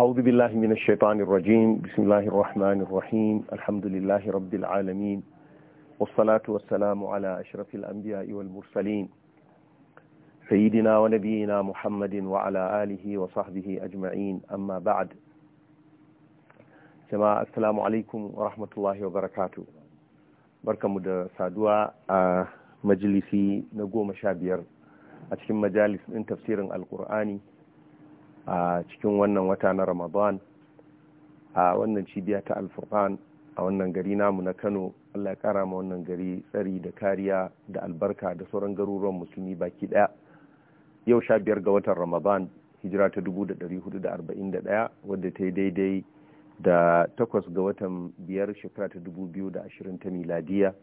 أعوذ بالله من الشيطان الرجيم بسم الله الرحمن الرحيم الحمد لله رب العالمين والصلاة والسلام على أشرف الأنبياء والمرسلين سيدنا ونبينا محمد وعلى آله وصحبه أجمعين أما بعد jama'a assalamu alaikum wa rahmatullahi wa barakatu barkamu da saduwa a majalisi na goma sha biyar a cikin majalis ɗin tafsirin alkur'ani a cikin wannan wata na ramadan a wannan cibiya ta alfurqan a wannan gari namu na kano allah ya kara ma wannan gari tsari da kariya da albarka da sauran garuruwan musulmi baki daya yau sha biyar ga watan ramadan hijira ta 1441 wadda ta yi daidai da takwas ga watan biyar shekara ta da 2020 ta miladiya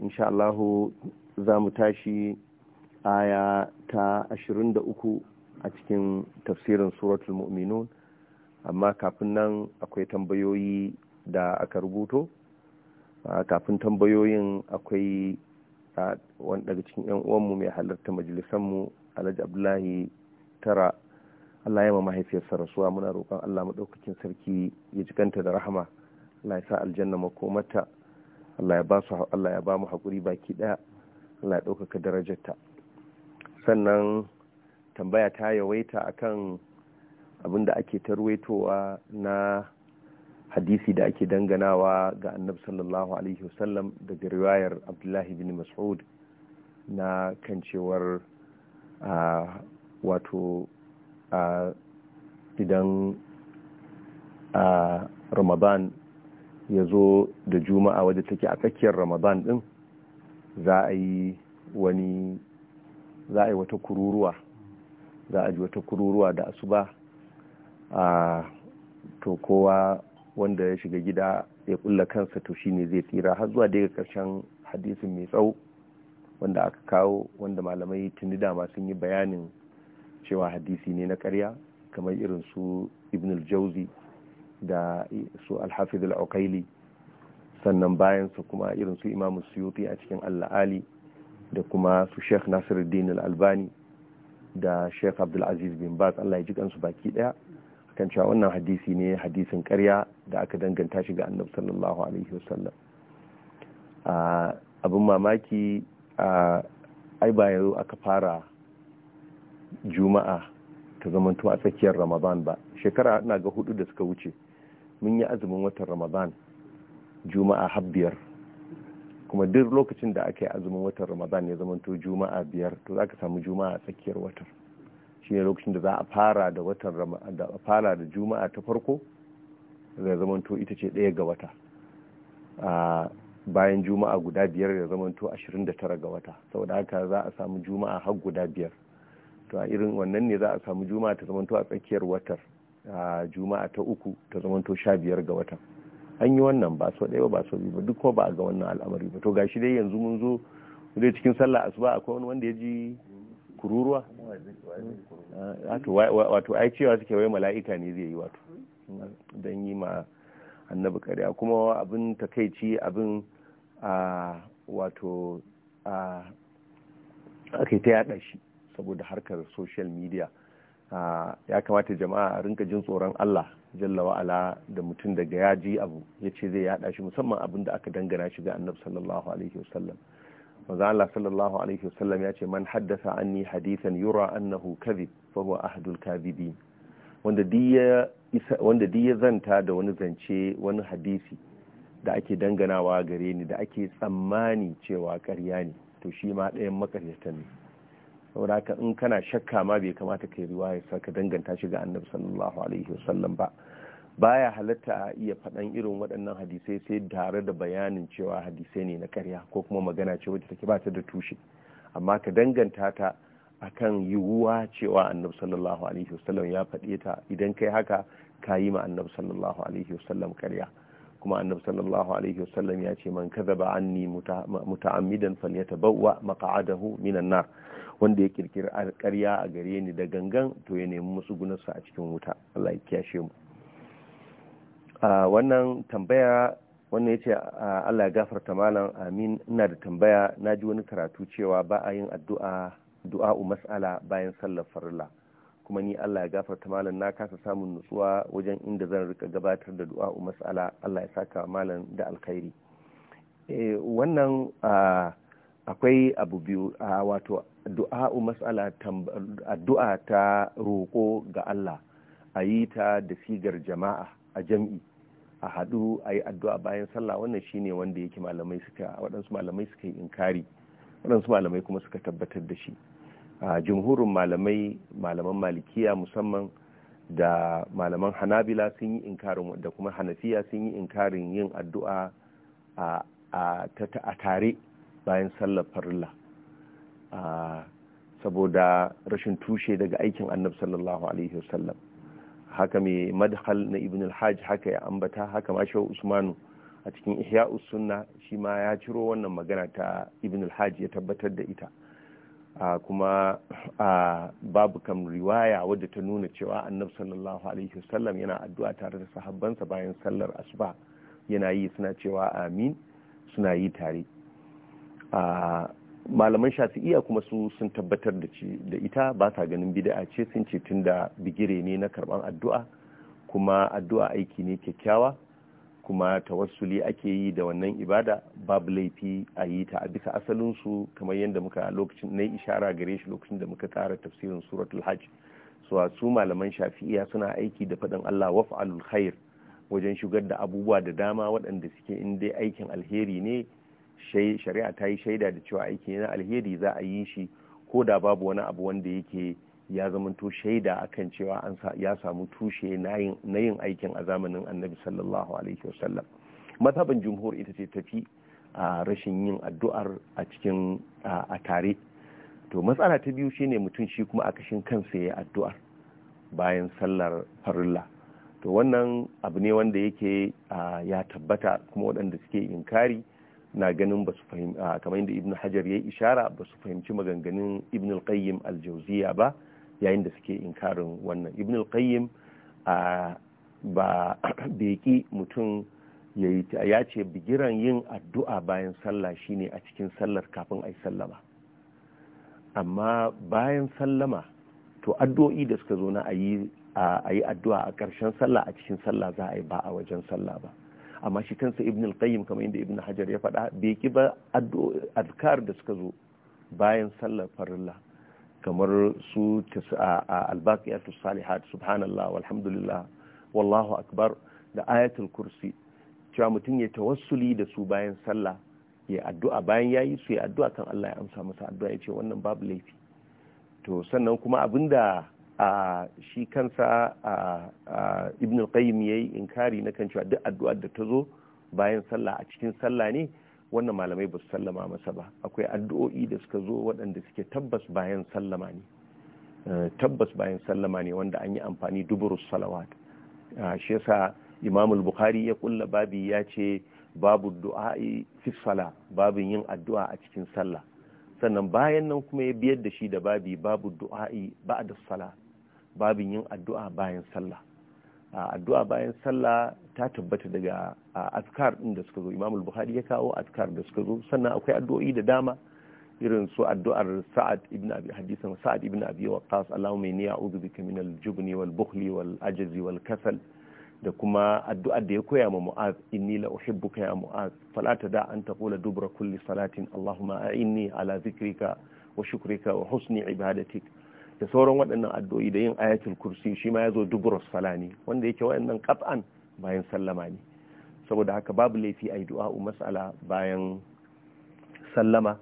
insha allahu za mu tashi aya ta da uku. a cikin tafsirin suratul mu'minun amma kafin nan akwai tambayoyi da aka rubuto kafin tambayoyin akwai wani daga cikin 'yan uwanmu mai halarta mu alhaji abdullahi tara Allah ya wa mahaifiyarsa rasuwa muna roƙon Allah maɗaukakin sarki ya kanta da rahama Allah ya sa aljanna makomata Allah ya ba su Allah ya ba mu haƙuri baki ɗaya Allah ya ɗaukaka darajarta sannan tambaya ta yawaita akan abin da ake tarwaitowa na hadisi da ake danganawa ga annabi sallallahu alaihi wasallam daga riwayar abdullahi bin mas'ud na kan cewar wato idan ramadan ya zo da juma'a wadda take a tsakiyar ramadan din za a yi wani za a yi wata kururuwa za a ji wata kururuwa da asuba a to kowa wanda ya shiga gida ya kulla kansa to shine zai tsira har zuwa daga karshen hadisin mai tsawo wanda aka kawo wanda malamai tuni dama sun yi bayanin cewa hadisi ne na karya kamar irin su ibn al-jauzi da su al-hafiz al sannan bayan su kuma irin su imam suyuti a cikin allah ali da kuma su sheikh nasiruddin al-albani da Sheikh abdulaziz bin Baz Allah ya ji kansu baki daya kan cewa wannan hadisi ne hadisin karya da aka danganta shi ga Annabi sallallahu alaihi wasallam abin mamaki ai ba yau aka fara juma'a ta zamanto a tsakiyar Ramadan ba shekara ina ga hudu da suka wuce mun yi azumin watan Ramadan juma'a habbiyar kuma duk lokacin da aka yi azumin watan ramadan ya zama to juma'a biyar to za ka samu juma'a a tsakiyar watan shi ne lokacin da za a fara da watan da fara da juma'a ta farko zai zama to ita ce ɗaya ga wata bayan juma'a guda biyar ya zama to 29 ga wata saboda haka za a samu juma'a har guda biyar to a irin wannan ne za a samu juma'a ta zama to a tsakiyar watar juma'a ta uku ta zama to 15 ga watan an yi wannan ba so ɗaya ba so biyu ba duk kuma ba a ga wannan al'amari ba to gashi dai yanzu mun zo dai cikin sallah asuba akwai wani wanda ya ji kururuwa ah, wato ai cewa suke wai mala'ika ne zai yi wato don yi ma annabi kariya kuma abin takaici abin a wato a ake ta yada shi saboda harkar social media ya kamata jama'a a rinka jin tsoron Allah jalla wa'ala da mutum daga ya ji abu ya ce zai yada shi musamman abin da aka dangana shi ga annabi sallallahu alaihi wasallam manzo Allah sallallahu alaihi wasallam ya ce man haddasa anni hadithan yura annahu kadhib fa huwa ahadul kadhibin wanda diya wanda diya zanta da wani zance wani hadisi da ake danganawa gare ni da ake tsammani cewa ƙarya ne to shi ma ɗayan makaryata ne saboda haka in kana shakka ma bai kamata ka riwaya sa ka danganta shi ga annabi sallallahu alaihi wasallam ba baya halatta a iya faɗan irin waɗannan hadisai sai tare da bayanin cewa hadisai ne na ƙarya ko kuma magana ce wacce take bata da tushe amma ka danganta ta akan yiwuwa cewa annabi sallallahu alaihi wasallam ya faɗe ta idan kai haka ka yi ma annabi sallallahu alaihi wasallam ƙarya kuma annabi sallallahu alaihi wasallam ya ce man kadhaba anni muta'ammidan bawa maq'adahu minan nar wanda ya kirkiri ƙarya a gare ni da gangan to ya nemi musu gunarsa a cikin wuta Allah ya kiyashe mu wannan tambaya wannan yace Allah ya gafarta malam amin ina da tambaya naji wani karatu cewa ba a yin addu'a du'a'u mas'ala bayan sallar farilla kuma ni Allah ya gafarta malam na kasa samun nutsuwa wajen inda zan rika gabatar da du'a mas'ala Allah ya saka malam da alkhairi eh, wannan akwai abu biyu wato du'a mas'ala addu'a ta roko ga Allah a yi ta da sigar jama'a a jam'i a haɗu a yi addu'a bayan sallah wannan shine wanda yake malamai suka waɗansu malamai suka yi inkari waɗansu malamai kuma suka tabbatar da shi jumhurin malamai malaman malikiya musamman da malaman hanabila sun yi inkarin da kuma hanafiya sun yi inkarin yin addu'a a tare bayan sallar farilla saboda rashin tushe daga aikin annab sallallahu alaihi wasallam haka mai madhal na ibn al haka ya ambata haka ma shehu usmanu a cikin ihya sunna shi ma ya ciro wannan magana ta ibn al ya tabbatar da ita kuma babu kam riwaya wadda ta nuna cewa annabi sallallahu alaihi wasallam yana addu'a tare da sahabbansa bayan sallar asuba yana yi suna cewa amin suna yi tare malaman shafi'iya kuma su sun tabbatar da ci da ita ba sa ganin bid'a ce sun ce tunda bigire ne na karban addu'a kuma addu'a aiki ne kyakkyawa kuma tawassuli ake yi da wannan ibada babu laifi a yi ta a bisa asalinsu kamar yadda muka lokacin na ishara gare shi lokacin da muka kara tafsirin suratul hajj su su malaman shafi'iya suna aiki da faɗin Allah waf'alul khair wajen shigar da abubuwa da dama waɗanda suke in dai aikin alheri ne shari'a ta yi shaida da cewa aiki na alheri za a yi shi ko da babu wani abu wanda yake ya zamanto shaida akan cewa an ya samu tushe na yin aikin a zamanin annabi sallallahu alaihi wasallam mazhaban jumhur ita ce tafi a rashin yin addu'ar a cikin a tare to matsala ta biyu shine mutum shi kuma a kashin kansa ya addu'ar bayan sallar farilla to wannan abu ne wanda yake ya tabbata kuma waɗanda suke inkari na ganin ba su fahimci kamar yadda ibn hajar ya yi ishara ba su fahimci maganganun ibn al-qayyim al ba yayin da suke inkarin wannan ibn al-qayyim ba beki mutum ya ce bigiran yin addu'a bayan sallah shine a cikin sallar kafin a yi sallama amma bayan sallama to addu'o'i da suka zo na a yi addu'a a ƙarshen sallah a cikin sallah za a yi ba a wajen sallah ba amma shi kansa ibn al-qayyim kamar inda ibn hajar ya faɗa bai ki ba adkar da suka zo bayan sallar farilla kamar su albaqiyatu salihat subhanallah walhamdulillah wallahu akbar da ayatul kursi cewa mutum ya tawassuli da su bayan sallah ya addu'a bayan yayi su ya addu'a kan Allah ya amsa masa addu'a ya ce wannan babu laifi to sannan kuma abinda a shi kansa a ibn al-qayyim yayi inkari na kan cewa duk addu'ar da ta zo bayan sallah a cikin sallah ne wannan malamai ba su sallama masa ba akwai addu'o'i da suka zo waɗanda suke tabbas bayan sallama ne eh, tabbas bayan sallama ne wanda an yi amfani duburu salawat ah, shi yasa imam bukhari ya kulla babi ya ce babu du'a'i fi sala babin yin addu'a a cikin sallah sannan bayan nan kuma ya biyar da shi da babi babu du'a'i ba'da sala babin yin addu'a bayan sallah ah, addu'a bayan sallah ta tabbata daga azkar din da suka zo imamul buhari ya kawo azkar da suka zo sannan akwai addu'o'i da dama irin su addu'ar sa'ad ibn abi hadisan sa'ad ibn abi waqas allahumma inni a'udhu bika min al-jubni wal bukhli wal ajzi wal kasal da kuma addu'ar da ya koya ma mu'az inni la uhibbuka ya mu'az fala tada an taqula dubra kulli salatin allahumma a'inni ala zikrika wa shukrika wa husni ibadatik da sauran waɗannan addu'o'i da yin ayatul kursi shi ma ya zo dubra salani wanda yake waɗannan qat'an bayan sallama ne saboda haka babu laifi a yi du'a matsala bayan sallama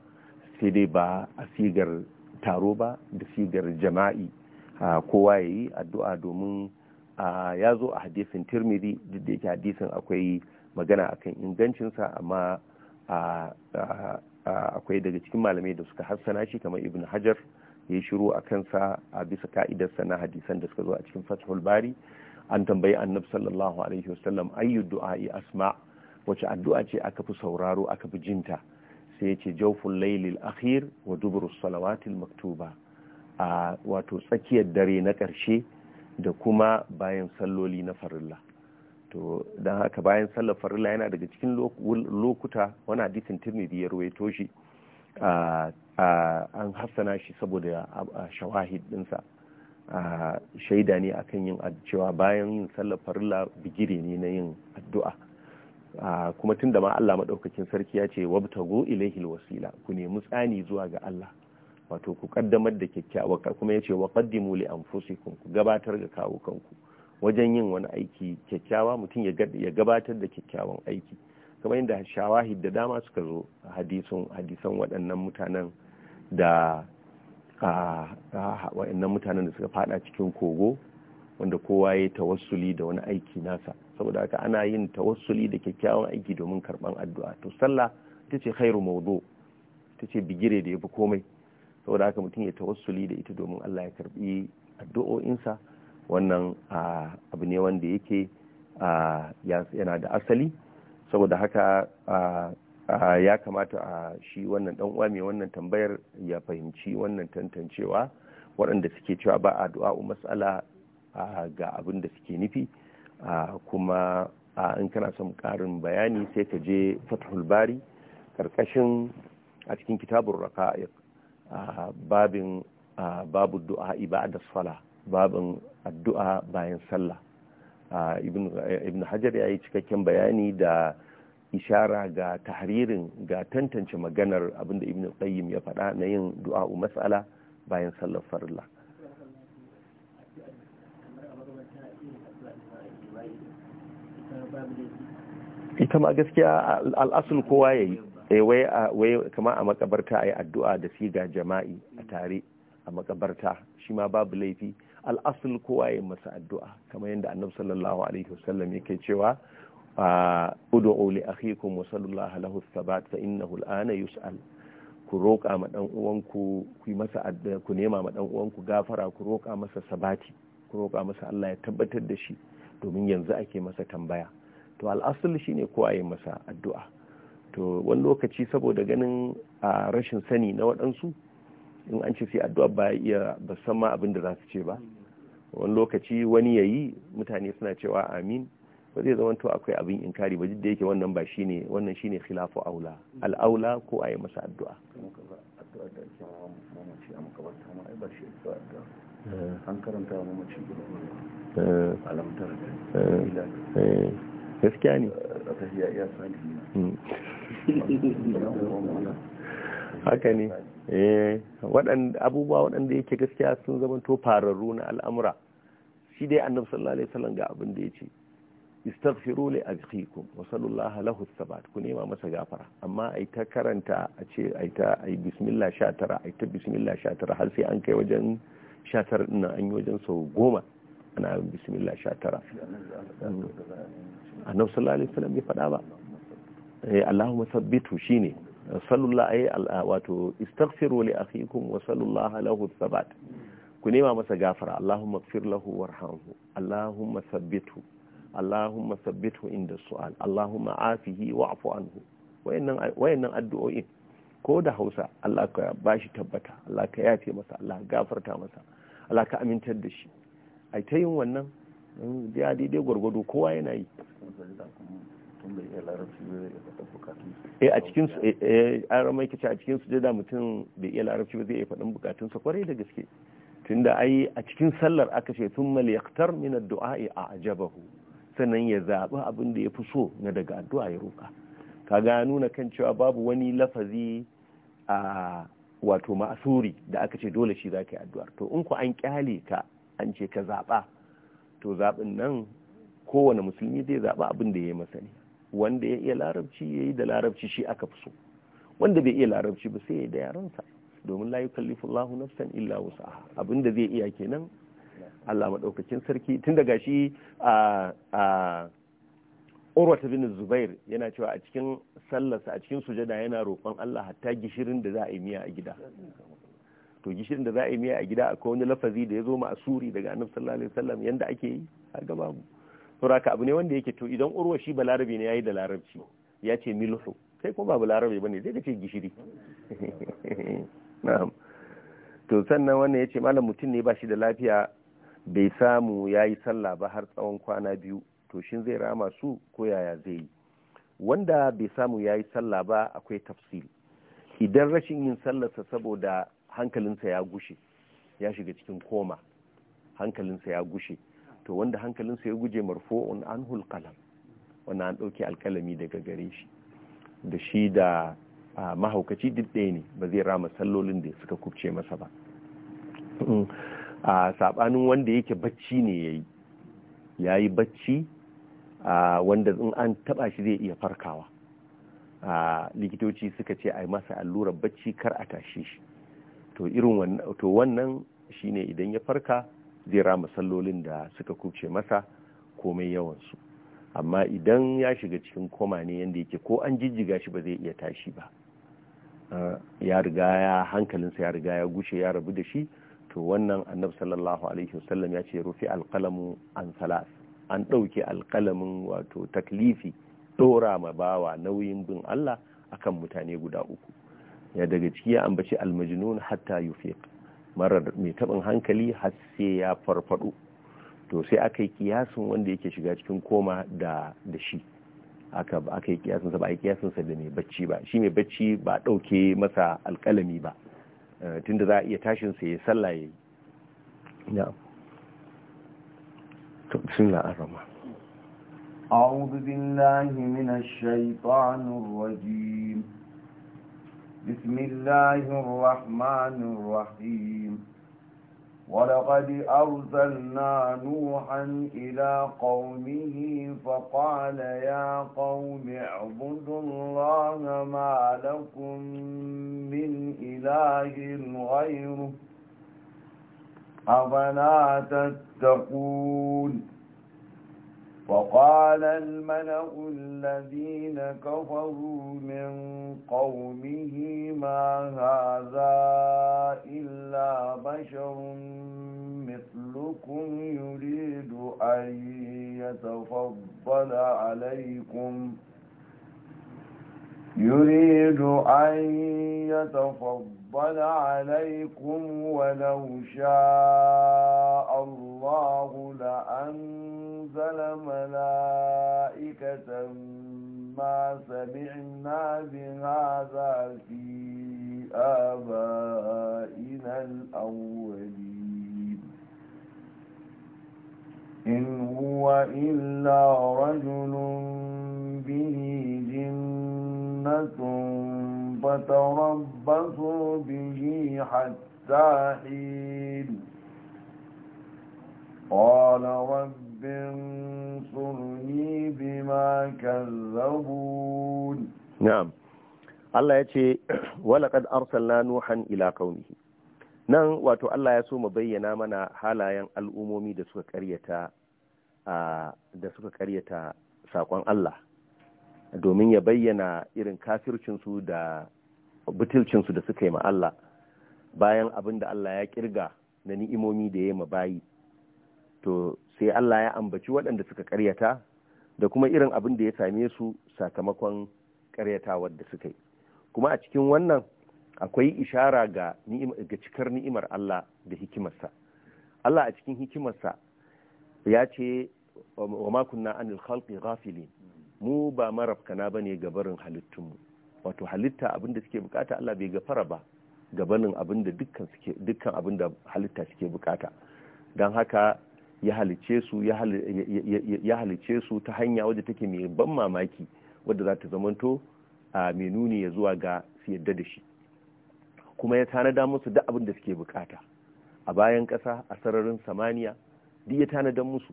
sai dai ba a sigar taro ba da sigar jama'i kowa ya yi addu'a domin ya zo a hadisin tirmidhi duk da yake hadisin akwai magana akan ingancinsa amma akwai daga cikin malamai da suka hassana shi kamar ibn hajar ya yi shiru a kansa a bisa ka'idarsa na hadisan da suka zo a cikin fathul bari an tambayi annabi sallallahu alaihi wasallam ayyu du'a'i asma wace addu'a ce aka fi sauraro aka fi jinta sai yace jawful laylil akhir wa duburu salawatil maktuba a wato tsakiyar dare na ƙarshe da kuma bayan salloli na farilla to dan haka bayan sallar farilla yana daga cikin lokuta wani hadisin tirmidhi ya ruwaito shi an hassana shi saboda shawahid dinsa a shaida ne akan yin cewa bayan yin sallar farilla bigire ne na yin addu'a kuma tun da ma Allah maɗaukakin sarki ya ce wabtago ilaihil wasila ku nemi tsani zuwa ga Allah wato ku kaddamar da kyakkyawa kuma ya ce wa qaddimu li anfusikum ku gabatar ga kawo kanku wajen yin wani aiki kyakkyawa mutum ya gabatar da kyakkyawan aiki kamar yadda shawahid da dama suka zo hadisan waɗannan mutanen da wa'annan mutanen da suka fada cikin kogo wanda kowa ya yi tawassuli da wani aiki nasa saboda haka ana yin tawassuli da kyakkyawan aiki domin karban addu'a to sallah ita ce khairu mawdu ita ce bigire da yafi komai saboda haka mutum ya tawassuli da ita domin Allah ya karbi addu'o'insa wannan abu ne wanda yake yana da asali saboda haka Ah, ya kamata a ah, shi wannan dan uwa mai wannan tambayar ya fahimci wannan tantancewa waɗanda suke cewa ba a du'a mas'ala ah, ga abin da suke nufi kuma in kana son ƙarin bayani sai ka je fathul bari karkashin a cikin kitabun raka'iq babin babu du'a ibada sala babin addu'a bayan sallah ibn hajar ya yi cikakken bayani da ishara ga tahririn ga tantance maganar abinda ibn qayyim ya faɗa na yin du'a mas'ala bayan sallar farilla ita ma gaskiya al'asul kowa yayi eh wai wai kamar a makabarta ayi addu'a da ga jama'i a tare a makabarta shi ma babu laifi al'asul kowa yayi masa addu'a kamar yadda annabi sallallahu alaihi wasallam yake cewa Uh, ud'u li akhikum wa sallallahu lahu thabat fa innahu al'ana yus'al ku roƙa ma dan uwanku ku masa ku nema ma dan uwanku gafara ku roƙa masa sabati ku roƙa masa Allah ya tabbatar da shi domin yanzu ake masa tambaya to al'asul shine ko ayi masa addu'a to wani lokaci saboda ganin a rashin sani na waɗansu in an ce sai addu'a ba iya ba san ma abin da za su ce ba wani lokaci wani yayi mutane suna cewa amin ba zai zama to akwai abin inkari ba duk da yake wannan ba shine wannan shine khilafu aula al'aula ko a yi masa addu'a eh. an karanta eh. alamtar eh. gaskiya ne hmm. haka ne abubuwa waɗanda yake gaskiya sun zama to fararru na al'amura shi dai annabi sallallahu alaihi wasallam ga abin da ya ce istaghfiru li akhikum wa sallallahu lahu thabat ku nema masa gafara amma ai ta karanta a ce ai ta ai bismillah 19 ai ta bismillah 19 har sai an kai wajen 19 din an yi wajen sau goma ana bismillah 19 annabi sallallahu alaihi wasallam bai faɗa ba eh Allahumma sabbitu shine sallallahu eh, alaihi wato istaghfiru li akhikum wa sallallahu lahu thabat ku nema masa gafara Allahumma ighfir lahu warhamhu Allahumma sabbithu Allahumma sabbithu inda su'al Allahumma afihi wa'fu anhu wayannan addu'o'in ko da Hausa Allah ka bashi tabbata Allah ka yafe masa Allah gafarta masa Allah ka amintar da shi ai ta yin wannan ya daidai gwargwado kowa yana yi eh a cikin eh, eh an ramai kace a cikin sujada mutum bai iya larabci ba zai iya faɗin bukatunsa kwarai da gaske tunda ai a cikin sallar aka ce thumma liyaqtar min ad-du'a a'jabahu sannan ya zaɓi abin da ya fi so na daga addu'a ya roƙa kaga nuna kan cewa babu wani lafazi a wato ma'asuri da aka ce dole shi za ka yi addu'ar to in ku an kyale ka an ce ka zaɓa to zaɓin nan kowane musulmi zai zaɓa abin da ya yi masa wanda ya iya larabci ya yi da larabci shi aka fi so wanda bai iya larabci ba sai ya yi da yaransa domin la yukallifullahu nafsan illa wusaha abin da zai iya kenan Allah maɗaukakin sarki tun daga shi a Urwa bin Zubair yana cewa a cikin sallarsa a cikin sujada yana roƙon Allah hatta gishirin da za a yi miya a gida to gishirin da za a yi miya a gida akwai wani lafazi da ya zo ma a suri daga annabi sallallahu alaihi wasallam yanda ake yi har gaba mu. to raka abu ne wanda yake to idan urwa shi balarabe ne yayi da larabci ya ce miluhu kai kuma ba balarabe bane zai ce gishiri to sannan wannan yace malam mutum ne ba shi da lafiya bai samu ya yi sallah ba har tsawon kwana biyu to shin zai rama su ko yaya zai yi wanda bai samu ya yi sallah ba akwai tafsil idan rashin yin sallarsa saboda hankalinsa ya gushe ya shiga cikin koma hankalinsa ya gushe to wanda hankalinsa ya guje marfo'un an hulkalam wanda an ɗauke alkalami daga gare shi da shi da mahaukaci duk ɗaya ne ba zai rama sallolin da suka kubce masa ba a sabanin wanda yake bacci ne ya yi bacci wanda in an taɓa shi zai iya farkawa a likitoci suka ce a yi masa allurar bacci kar a tashe shi to irin wannan wannan shine idan ya farka zai rama sallolin da suka kuce masa komai yawansu amma idan ya shiga cikin koma ne yadda yake ko an jijjiga shi ba zai iya tashi ba ya riga ya hankalinsa ya riga ya gushe ya rabu da shi to wannan annab sallallahu alaihi wasallam ya ce rufi alkalamin an salas an ɗauke alkalamin wato taklifi ɗora ma bawa nauyin bin Allah akan mutane guda uku ya daga ciki ya ambaci almajnun hatta yufiq marar mai taɓin hankali har sai ya farfaɗo to sai aka kiyasin wanda yake shiga cikin koma da da shi aka aka yi kiyasin sa ba yi kiyasin sa da mai bacci ba shi mai bacci ba ɗauke masa alkalami ba Eh, tunda za a iya tashin su ya sallaye ya sun la'arama auzubillahi mina shaitanun rajim bismillahirrahmanirrahim ولقد أرسلنا نوحا إلى قومه فقال يا قوم اعبدوا الله ما لكم من إله غيره أفلا تتقون وقال الملأ الذين كفروا من قومه ما هذا إلا بشر مثلكم يريد أن يتفضل عليكم يريد أن يتفضل عليكم ولو شاء الله لأنزل ملائكة ما سمعنا بهذا في آبائنا الأولين إن هو إلا رجل به فتنة فتربصوا به حتى حين قال رب انصرني بما كذبون نعم Allah ya ce walaƙad arsalna nuhan ila kaunihi nan wato Allah ya so mu bayyana mana halayen al'umomi da suka karyata saƙon Allah domin ya bayyana irin kafircinsu da butulcinsu da suka yi ma Allah bayan abin da Allah ya kirga na ni'imomi da ya yi ma bayi to sai Allah ya ambaci waɗanda suka karyata da kuma irin abin da ya same su sakamakon karyatawar da suka yi kuma a cikin wannan akwai ishara ga cikar ni'imar Allah da hikimarsa Allah a cikin hikimarsa ya ce wa makunna anil khalqi ghafilin mu ba marafkana ba ne gabarin halittunmu wato halitta abinda da suke bukata Allah bai gafara ba gabanin abin da dukkan abin halitta suke bukata don haka ya halice su ta hanya wadda take mai ban mamaki wadda za ta zamanto a mai nuni ya zuwa ga su yadda da shi kuma ya tanada musu duk abin da suke bukata a bayan ƙasa a sararin samaniya duk ya tanada musu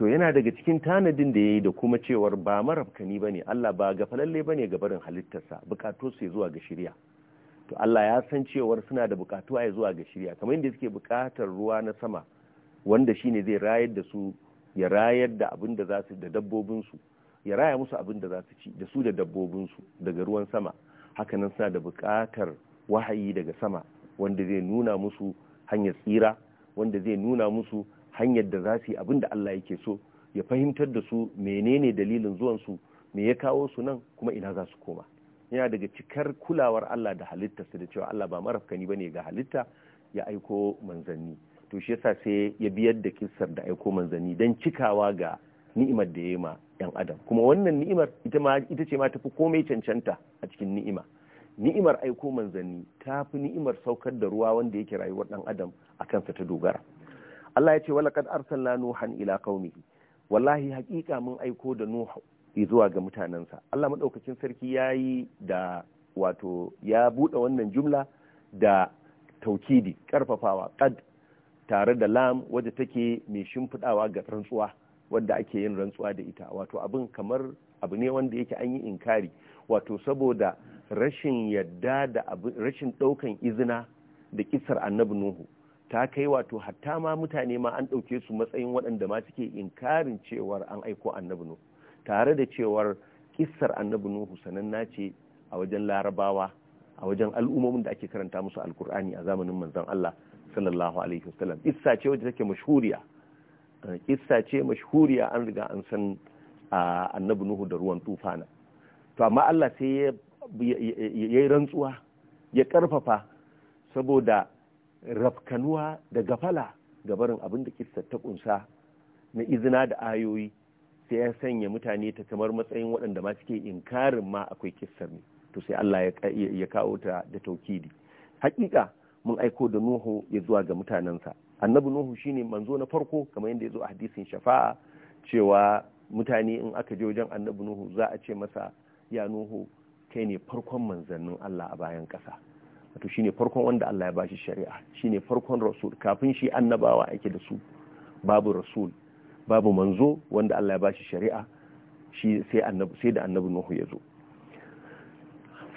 to yana daga cikin tanadin da ya yi da kuma cewar ba marafkani ba ne Allah ba ga falalle ba ne ga barin halittarsa bukatu su zuwa ga shirya to Allah ya san cewar suna da bukatu a zuwa ga shirya kamar yadda suke bukatar ruwa na sama wanda shine zai rayar da su ya rayar da abin da za su da dabbobinsu ya raya musu abin da za su ci da su da dabbobinsu daga ruwan sama hakanan suna da bukatar wahayi daga sama wanda zai nuna musu hanyar tsira wanda zai nuna musu hanyar da za su yi abin da Allah yake so ya fahimtar da su menene dalilin zuwansu me ya kawo su nan kuma ina za su koma yana daga cikar kulawar Allah da halitta su da cewa Allah ba marafkani bane ga halitta ya aiko manzanni to shi yasa sai ya biyar da kissar da aiko manzanni dan cikawa ga ni'imar da ya ma yan adam kuma wannan ni'imar ita ma ita ce ma tafi komai cancanta a cikin ni'ima ni'imar aiko manzanni ta fi ni'imar saukar da ruwa wanda yake rayuwar ɗan adam a kansa ta dogara Allah ya ce walaqad arsalna nuhan ila qaumihi wallahi haƙiƙa mun aiko da nuhu zuwa ga mutanensa Allah maɗaukacin sarki yayi da wato ya buɗe wannan jumla da taukidi ƙarfafawa ƙad tare da lam wadda take mai shimfiɗawa ga rantsuwa wadda ake yin rantsuwa da ita wato abin kamar abu ne wanda yake an yi inkari wato saboda rashin yadda da rashin ɗaukan izina da kisar annabi nuhu ta kai wato hatta ma mutane ma an ɗauke su matsayin waɗanda ma suke inkarin cewar an aiko annabi nuhu tare da cewar kissar annabi nuhu sananna ce a wajen larabawa a wajen al'ummomin da ake karanta musu alkur'ani a zamanin manzon Allah sallallahu alaihi wasallam kissa ce wacce take mashhuriya eh, kissa ce mashhuriya an riga an san annabi nuhu da ruwan tufana to amma Allah sai ya yi rantsuwa ya karfafa saboda rafkanuwa da gafala ga barin abin da kissa ta kunsa na izina da ayoyi sai ya sanya mutane ta kamar matsayin waɗanda ma suke inkarin ma akwai kissar ne to sai Allah ya kawo ta da taukidi haƙiƙa mun aiko da Nuhu ya zuwa ga mutanensa annabi Nuhu shine manzo na farko kamar yadda ya zo a hadisin shafa'a cewa mutane in aka je wajen annabi Nuhu za a ce masa ya Nuhu kai ne farkon manzannin Allah a bayan ƙasa wato shine farkon wanda Allah ya bashi shari'a shine farkon rasul kafin shi annabawa ake da su babu rasul babu manzo wanda Allah ya bashi shari'a shi sai annabi sai da annabi Nuhu ya zo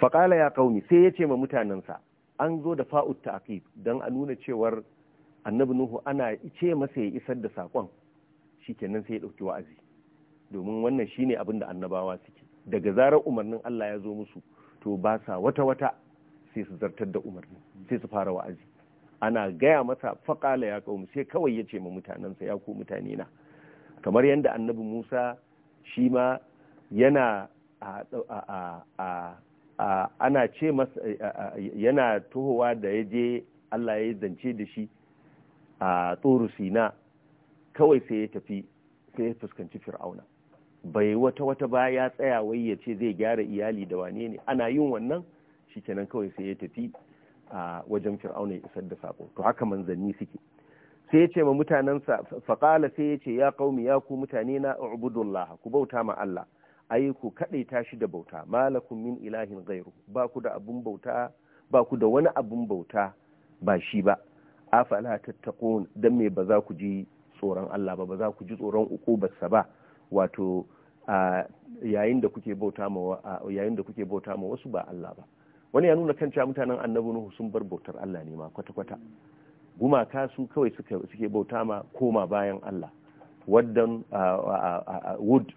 faqala ya qaumi sai ya ce ma mutanansa an zo da fa'ut ta'qib dan a nuna cewar annabi Nuhu ana ce masa ya isar da sakon kenan sai ya dauki wa'azi domin wannan shine abin da annabawa suke daga zarar umarnin Allah ya zo musu to ba sa wata wata sai su zartar da umarni sai su fara wa'azi ana gaya masa faƙala ya kawo sai kawai ya ce ma mutanensa ya ku mutane na kamar yadda annabi musa shi ma yana ana ce masa yana tohowa da ya je allah ya zance da shi a tsoro sina kawai sai ya tafi sai ya fuskanci fir'auna bai wata wata ba ya tsaya wai ya ce zai gyara iyali da wane ne ana yin wannan shikenan kawai sai ya tafi a wajen fir'auna ya isar da sako to haka manzanni suke sai ya ce ma mutanensa faƙala sai ya ce ya qaumi ya ku mutane na ubudullah ku bauta ma Allah ai ku tashi shi da bauta malakum min ilahin gairu ba ku da abun bauta ba ku da wani abun bauta ba shi ba afala tattaqun dan me ba za ku ji tsoron Allah ba ba za ku ji tsoron ukubarsa ba wato yayin da kuke bauta ma yayin da kuke bauta ma wasu ba Allah ba wani ya nuna kan cewa mutanen annabi nuhu sun bar bautar Allah ne ma kwata-kwata gumaka su kawai suke bauta ma koma bayan Allah waddan wood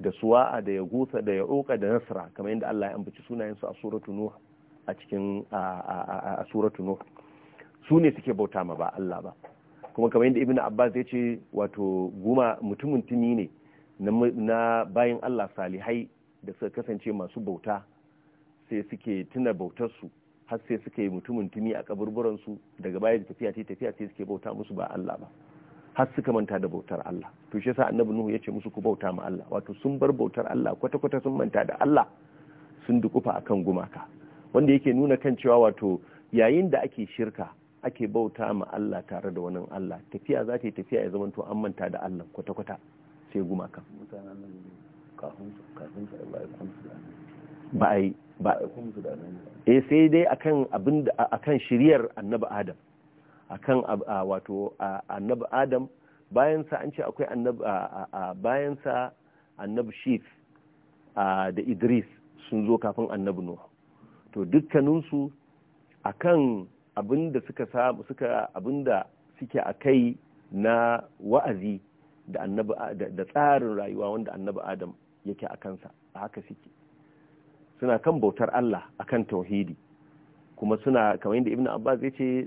da suwa'a da ya gusa da ya oka da nasra kamar yadda Allah ya ambaci sunayensu a suratu nuh a cikin a suratu nuh su ne suke bauta ma ba Allah ba kuma kamar yadda ibnu abbas ya ce wato guma mutumin tuni ne na bayan Allah salihai da suka kasance masu bauta sai suke tuna bautarsu har sai suka mutumin tumi a su daga baya da tafiya ta tafiya sai suke bauta musu ba Allah ba har suka manta da bautar Allah to shi yasa annabi nuhu yace musu ku bauta ma Allah wato sun bar bautar Allah kwata kwata sun manta da Allah sun dukufa akan gumaka wanda yake nuna kan cewa wato yayin da ake shirka ake bauta ma Allah tare da wani Allah tafiya za ta yi tafiya ya zama to an manta da Allah kwata kwata sai gumaka ba ai ba eh sai dai akan abin akan shiryar annabi adam akan wato annabi adam bayan sa an ce akwai annabi bayan sa annabi shif da idris sun zo kafin annabi nuhu to dukkaninsu akan abin da suka samu suka abin da suke a kai na wa'azi da tsarin rayuwa wanda annabi adam yake a kansa haka suke suna kan bautar Allah akan tauhidi kuma suna kamar yadda ibn abbas ya ce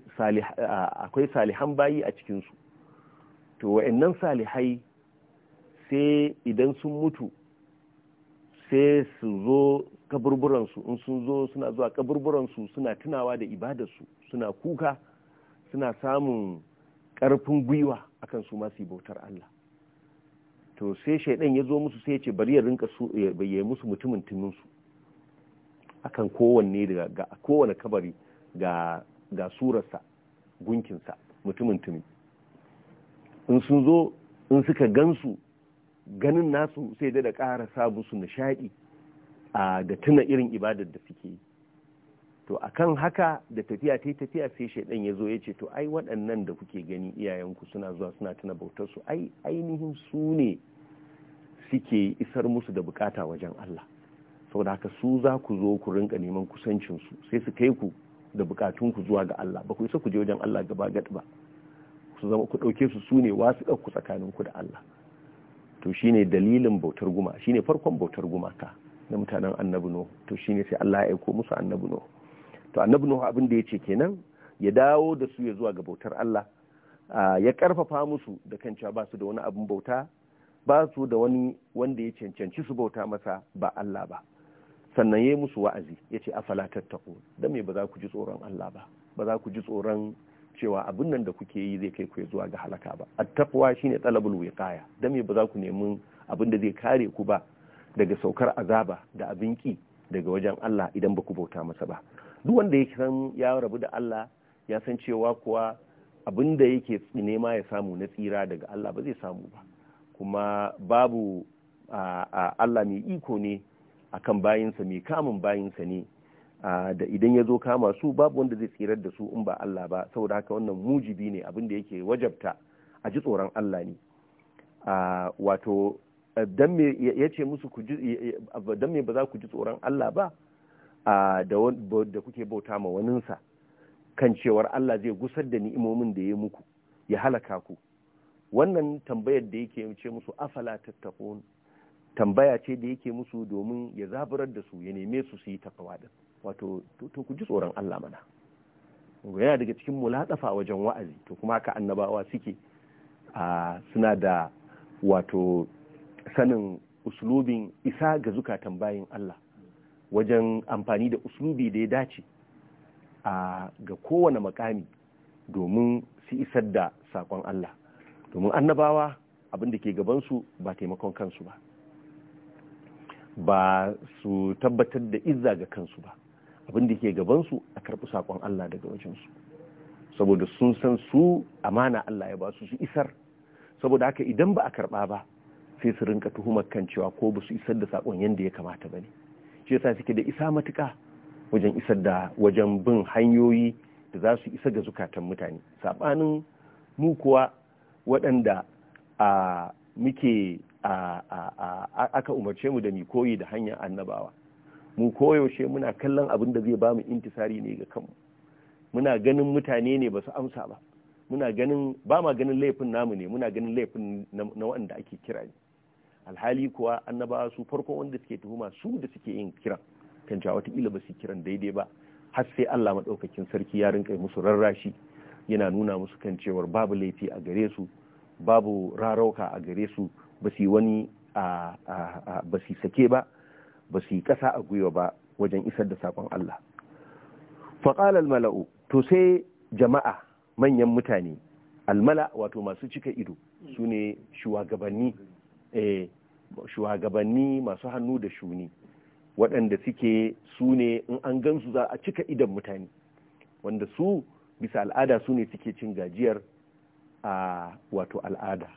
akwai salihan bayi a cikinsu to wa'annan salihai sai idan sun mutu sai su zo kaburburansu in sun zo suna zuwa kaburburansu suna tunawa da ibadarsu suna kuka suna samun ƙarfin gwiwa akan su masu bautar Allah to sai shaidan ya zo musu sai ya ce bari ya rinka su ya musu mutumin tuninsu akan kowanne daga kowane kabari ga ga surarsa gunkinsa mutumin tumi in sun zo in suka gansu ganin nasu sai da ƙara sa su nishaɗi da tuna irin ibadar da suke yi to akan haka da tafiya ta yi tafiya sai shaidan ya zo ya ce to ai waɗannan da kuke gani iyayenku suna zuwa suna tuna bautar su ai ainihin su ne suke isar musu da bukata wajen Allah saboda haka su za ku zo ku rinka neman kusancin su sai su kai ku da bukatun zuwa ga Allah ba ku isa ku je wajen Allah gaba gad ba su zama ku dauke su sune wasu ku tsakanin ku da Allah to shine dalilin bautar guma shine farkon bautar gumaka na mutanen annabi no to shine sai Allah ya aiko musu annabi no to annabi no abin da ya ce kenan ya dawo da su ya zuwa ga bautar Allah ya karfafa musu da kan cewa ba su da wani abin bauta ba su da wani wanda ya cancanci su bauta masa ba Allah ba sannan ya yi musu wa'azi ya ce afala tattaku don me ba za ku ji tsoron Allah ba ba za ku ji tsoron cewa abin nan da kuke yi zai kai ku zuwa ga halaka ba attaqwa shine talabul wiqaya don me ba za ku nemi abin da zai kare ku ba daga saukar azaba da abin ki daga wajen Allah idan ba ku bauta masa ba duk wanda ya san ya rabu da Allah ya san cewa kuwa abin da yake nema ya samu na tsira daga Allah ba zai samu ba kuma babu Allah mai iko ne akan bayinsa mai kamun bayinsa ne da idan ya zo kama su babu wanda zai tsirar da su in ba Allah ba saboda haka wannan mujibi ne abinda da yake wajabta a ji tsoron Allah ne wato dan me ya ce musu ku ji ba za ku ji tsoron Allah ba da kuke bauta ma waninsa kan cewar Allah zai gusar da ni'imomin da ya muku ya halaka ku wannan tambayar da yake ce musu afala tattaqun tambaya ce da yake musu domin ya zaburar da su ya neme su su yi takawa din wato to ku ji tsoron Allah mana yana daga cikin mulatsafa wajen wa'azi to kuma haka annabawa suke a suna da wato sanin uslubin isa ga zukatan bayin Allah wajen amfani da uslubi da ya dace a ga kowane makami domin su isar da sakon Allah domin annabawa abin da ke gabansu ba taimakon kansu ba ba su tabbatar da izza ga kansu ba abin da ke gabansu a karɓi saƙon Allah daga wajensu saboda sun san su amana Allah ya ba su su isar saboda haka idan ba a karɓa ba sai su rinka tuhumar kan cewa ko ba su isar da saƙon yadda ya kamata ba ne shi yasa suke da isa matuka wajen isar da wajen bin hanyoyi da za su isa ga zukatan mutane saɓanin mu kuwa waɗanda a muke aka umarce mu da ni koyi da hanyar annabawa mu koyaushe muna kallon abin da zai bamu intisari ne ga kanmu muna ganin mutane ne ba su amsa ba muna ganin ba ma ganin laifin namu ne muna ganin laifin na wanda ake kira ne alhali kuwa annabawa su farko wanda suke tuhuma su da suke yin kiran kan cewa wataƙila ba su kiran daidai ba har sai Allah maɗaukakin sarki ya rinka musu rarrashi yana nuna musu kan cewar babu laifi a gare su babu rarauka a gare su ba su yi wani ba su sake ba ba su yi ƙasa a gwiwa ba wajen isar da sakon Allah faƙal malau to sai jama'a manyan mutane almala wato masu cika ido su ne eh, masu hannu da shuni waɗanda suke su ne in an gansu za a cika idan mutane wanda su bisa al'ada su ne suke cin gajiyar a wato al'ada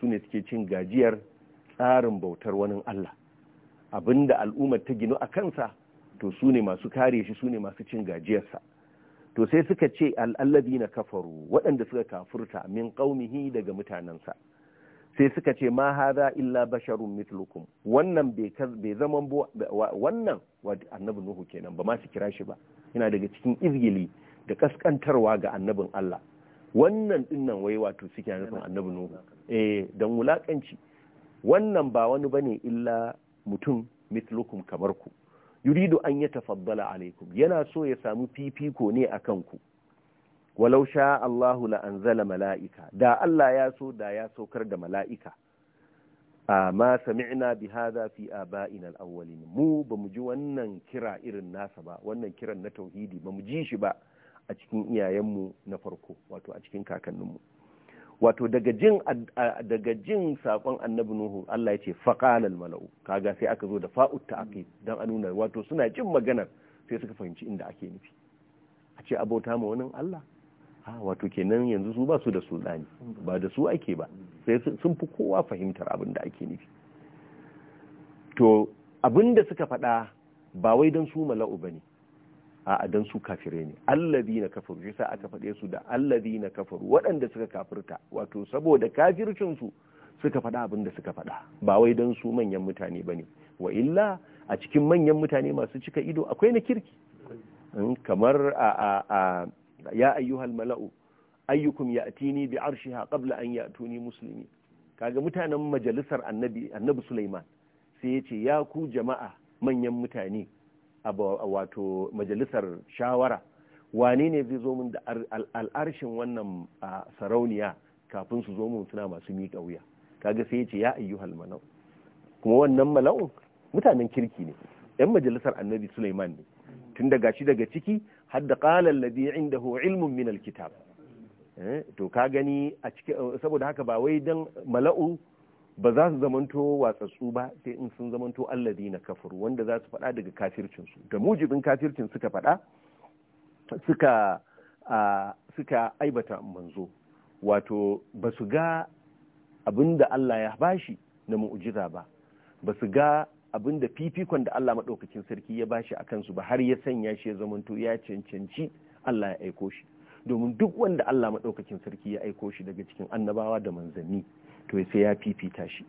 su ne suke cin gajiyar tsarin bautar wani Allah abinda al'ummar ta ginu a kansa to su ne masu kare shi su ne masu cin gajiyarsa to sai suka ce al'allabi na kafaru waɗanda suka kafurta min ƙaumihi daga mutanensa sai suka ce ma haza illa basharun mitlukum wannan bai zama wannan annabi nuhu kenan ba ma su kira shi ba yana daga cikin izgili da ƙasƙantarwa ga annabin Allah wannan dinnan wai wato suke nufin annabi nuhu eh dan wulakanci wannan ba wani bane illa mutum mithlukum kamar ku yuridu an yatafaddala alaikum yana so ya samu fifiko ne akan ku walau sha Allahu la anzala mala'ika da Allah ya so da ya saukar da mala'ika amma sami'na bi hadha fi aba'ina al mu bamu ji wannan kira irin nasa ba wannan kiran na tauhidi bamu ji shi ba a cikin iyayenmu na farko wato a cikin kakanninmu wato daga jin daga jin sakon annabi nuhu Allah ya ce faqala mala'u kaga sai aka zo da fa'ut ta'qib dan a nuna wato suna jin maganar sai suka fahimci inda ake nufi a ce abota ma wani Allah ha wato kenan yanzu su ba su da sultani ba da su ake ba sai sun fi kowa fahimtar abin da ake nufi to abinda suka faɗa ba wai don su mala'u bane A'a dan su kafire ne alladina kafaru shi sa aka faɗe su da na kafaru waɗanda suka kafirta wato saboda kafircin su suka faɗa abin da suka faɗa ba wai dan su manyan mutane bane wa illa a cikin manyan mutane masu cika ido akwai na kirki hmm, kamar a ya ayyuhal mala'u ayyukum ya'tini bi arshiha qabla an ya'tuni muslimi kaga mutanen majalisar annabi annabi Sulaiman sai ya ce ya ku jama'a manyan mutane wato majalisar shawara Wani ne zai zo min da al'arshin wannan sarauniya kafin su zo min suna masu miƙa wuya kaga sai ya ce ya ayyuhal malau kuma wannan mala'u mutanen kirki ne yan majalisar annabi Sulaiman ne tun daga shi daga ciki har da qala alladhi indahu ilmun min alkitab eh, to ka gani a cikin saboda haka ba wai dan mala'u ba za su zamanto watsatsu ba sai in sun zamanto allazi na kafaru wanda za su faɗa daga kafircinsu da mujibin kafircin suka faɗa suka suka aibata manzo wato ba su ga abin da Allah ya bashi na mu'jiza ba ba su ga abin da fifikon da Allah maɗaukakin sarki ya bashi a kansu ba har ya sanya shi ya zamanto ya cancanci Allah ya aiko shi domin duk wanda Allah maɗaukakin sarki ya aiko shi daga cikin annabawa da manzanni to sai ya fifita shi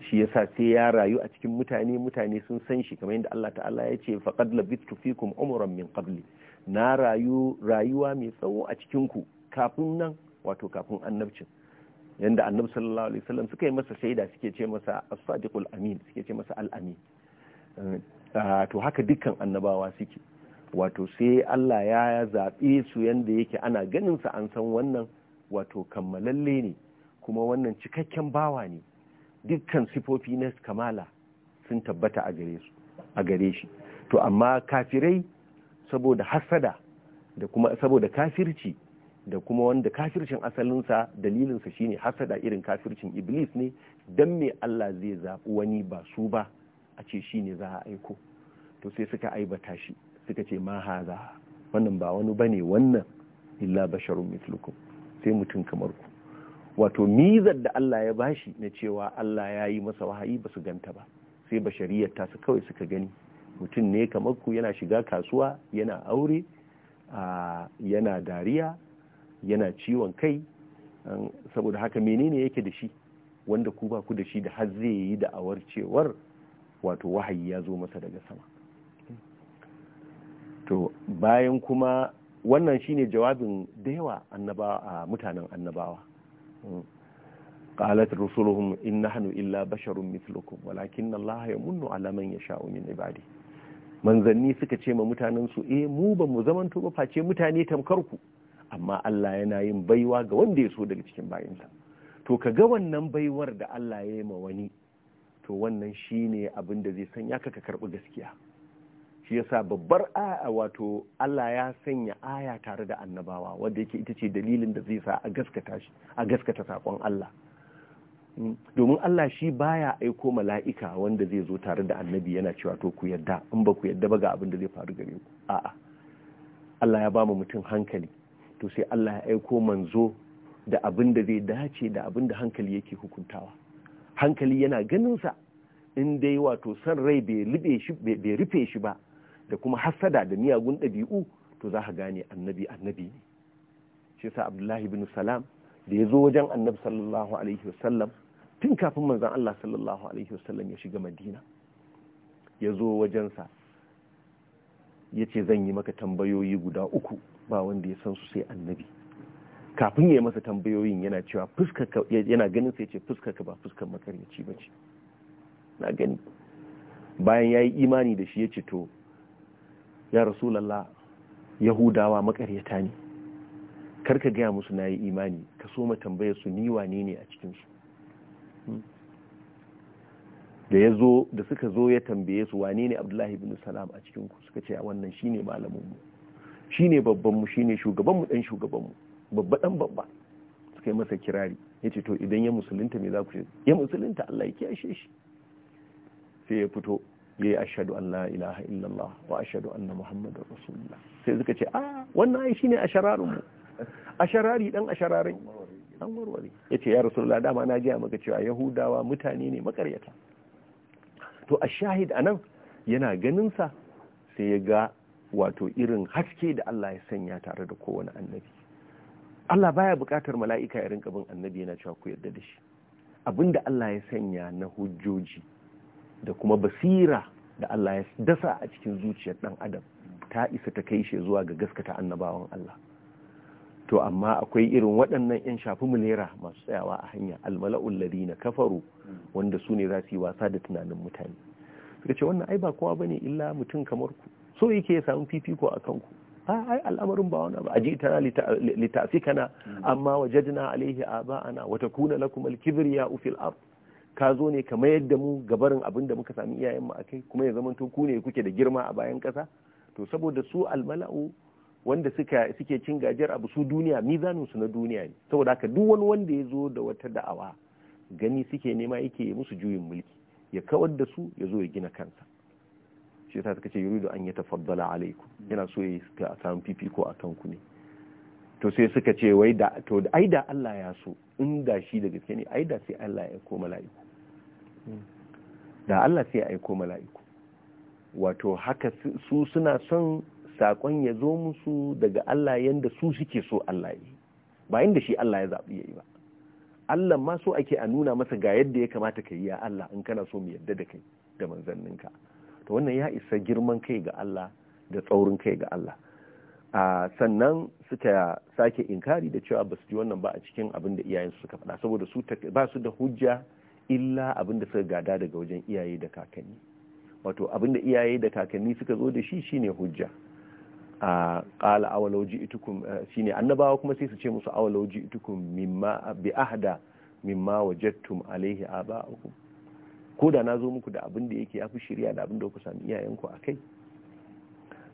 shi yasa sai ya rayu a cikin mutane mutane sun san shi kamar yadda Allah ta'ala ya ce faqad labithtu fikum umran min qabli na rayu rayuwa mai tsawo a cikin ku kafin nan wato kafin annabcin yanda annabi sallallahu alaihi wasallam suka yi masa shaida suke ce masa as-sadiqul amin suke ce masa al-amin eh, ah, to haka dukkan annabawa suke wato sai Allah ya zaɓe su yanda yake ana ganin sa an san wannan wato kammalalle ne kuma wannan cikakken bawa ne dukkan sifofi na kamala sun tabbata a gare shi to amma kafirai saboda hasada da kuma saboda kafirci da kuma wanda kafircin asalinsa dalilinsa shine hasada irin kafircin iblis ne don me Allah zai zaɓi wani ba su ba a ce shi ne za a aiko to sai suka aibata shi suka ce ma haza wannan ba wani ba ne wannan illa basharun mislukum sai mutum kamar ku wato mizar da Allah ya bashi na cewa Allah ya yi masa wahayi ba su ganta ba sai ba shari'ar ta su kawai suka gani mutum ne kamar ku yana shiga kasuwa yana aure yana dariya yana ciwon kai saboda haka menene yake da shi wanda ku ba ku da shi da har zai yi da'awar cewar wato wahayi ya zo masa daga sama to bayan kuma wannan shine jawabin da yawa annabawa a mutanen annabawa قالت رسلهم إن نحن إلا بشر مثلكم ولكن الله يمن على من يشاء من عباده manzanni suka ce ma mutanensu eh mu ba mu zamanto ba face mutane tamkar ku amma Allah yana yin baiwa ga wanda ya so daga cikin bayinsa to ka ga wannan baiwar da Allah ya yi ma wani to wannan shine abin da zai sanya ka ka karɓi gaskiya shi yasa babbar aya wato Allah ya sanya aya tare da annabawa wanda yake ita ce dalilin da zai sa a gaskata shi a gaskata sakon Allah hmm. domin Allah shi baya aiko mala'ika wanda zai zo tare da annabi yana cewa to ku yadda in ba ku yadda ba ga abin da zai faru gare ku a'a Allah ya bamu mutum hankali to sai Allah ya aiko manzo da abin da zai dace da abin da hankali yake hukuntawa hankali yana ganin sa in dai wato san rai bai rufe shi ba da kuma hasada da miyagun ɗabi'u to za ka gane annabi annabi ne shi yasa abdullahi bin salam da ya zo wajen annabi sallallahu alaihi wasallam tun kafin manzon Allah sallallahu alaihi wasallam ya shiga madina ya zo wajensa ya ce zan yi maka tambayoyi guda uku ba wanda ya san su sai annabi kafin ya yi masa tambayoyin yana cewa fuskarka yana ganin sai ce ka ba fuskar makaryaci ba ce na gani bayan ya yi imani da shi ya ce to ya rasulallah yahudawa makaryata ne karka gaya musu na yi imani ka so ma su ni wane ne a cikinsu hmm. da ya zo da suka zo ya tambaye su wane ne abdullahi bin salam a cikinku suka ce a wannan shine malaminmu shine babbanmu shine shugabanmu dan shugabanmu babba dan babba suka yi masa kirari ya ce to idan ya musulunta me za ku ce ya musulunta Allah ya kiyashe shi sai ya fito ya ashadu an la'ilaha illallah wa ashadu na muhammadu rasulullah sai suka ce a ah, wannan ai shine ashararinmu asharari dan ashararin an warware ya ce ya rasulullah dama na gaya maka cewa yahudawa mutane ne makaryata to a shahid a nan yana ganinsa sai ya ga wato irin haske da Allah ya sanya tare da kowane annabi Allah baya buƙatar mala'ika ya rinka bin annabi yana cewa ku yarda da shi abinda Allah ya sanya na hujjoji da kuma basira da Allah ya dasa a cikin zuciyar ɗan adam ta isa ta kai shi zuwa ga gaskata annabawan Allah to amma akwai irin waɗannan 'yan shafi mulera masu tsayawa a hanya almala'ul ladina kafaru wanda su ne za su yi wasa da tunanin mutane suka ce wannan ai ba kowa bane illa mutum kamar ku so yake ya samu fifiko a kanku ai al'amarin ba wani abu. a ji tana litafikana hmm. amma wajadna alaihi aba'ana wata kuna lakum al-kibriya fil ard ka zo ne ka mayar da mu gabarin abin da muka sami iyayenmu a kai kuma ya zamanto ku ne kuke da girma a bayan ƙasa to saboda su almala'u wanda suka suke cin gajiyar abu su duniya mizanin su na duniya ne saboda haka duk wani wanda ya zo da wata da'awa gani suke nema yake yi musu juyin mulki ya kawar da su ya zo ya gina kansa shi yasa suka ce yuridu an ya tafaddala alaikum yana so ya yi samu fifiko a kanku ne to sai suka ce wai da to ai da Allah ya so in da shi da gaske ne ai da sai Allah ya aiko mala'iku da Allah sai ya aiko mala'iku wato haka su suna son sakon ya zo musu daga Allah yanda su suke so Allah yi ba inda shi Allah ya zaɓi ya yi ba Allah ma so ake a nuna masa ga yadda ya kamata ka yi ya Allah in kana so mu yadda da kai da manzanninka to wannan ya isa girman kai ga Allah da tsaurin kai ga Allah a sannan suka sake inkari da cewa ba su ji wannan ba a cikin abin da iyayensu suka faɗa saboda su ba su da hujja illa abin da suka gada daga wajen iyaye da kakanni wato abin da iyaye da kakanni suka zo da shi shine hujja a qala awalau ji'tukum shine annabawa kuma sai su ce musu awalau ji'tukum mimma bi ahda mimma wajadtum alaihi aba'ukum ko da na zo muku da abin da yake yafi shirya da abin da ku sami iyayenku akai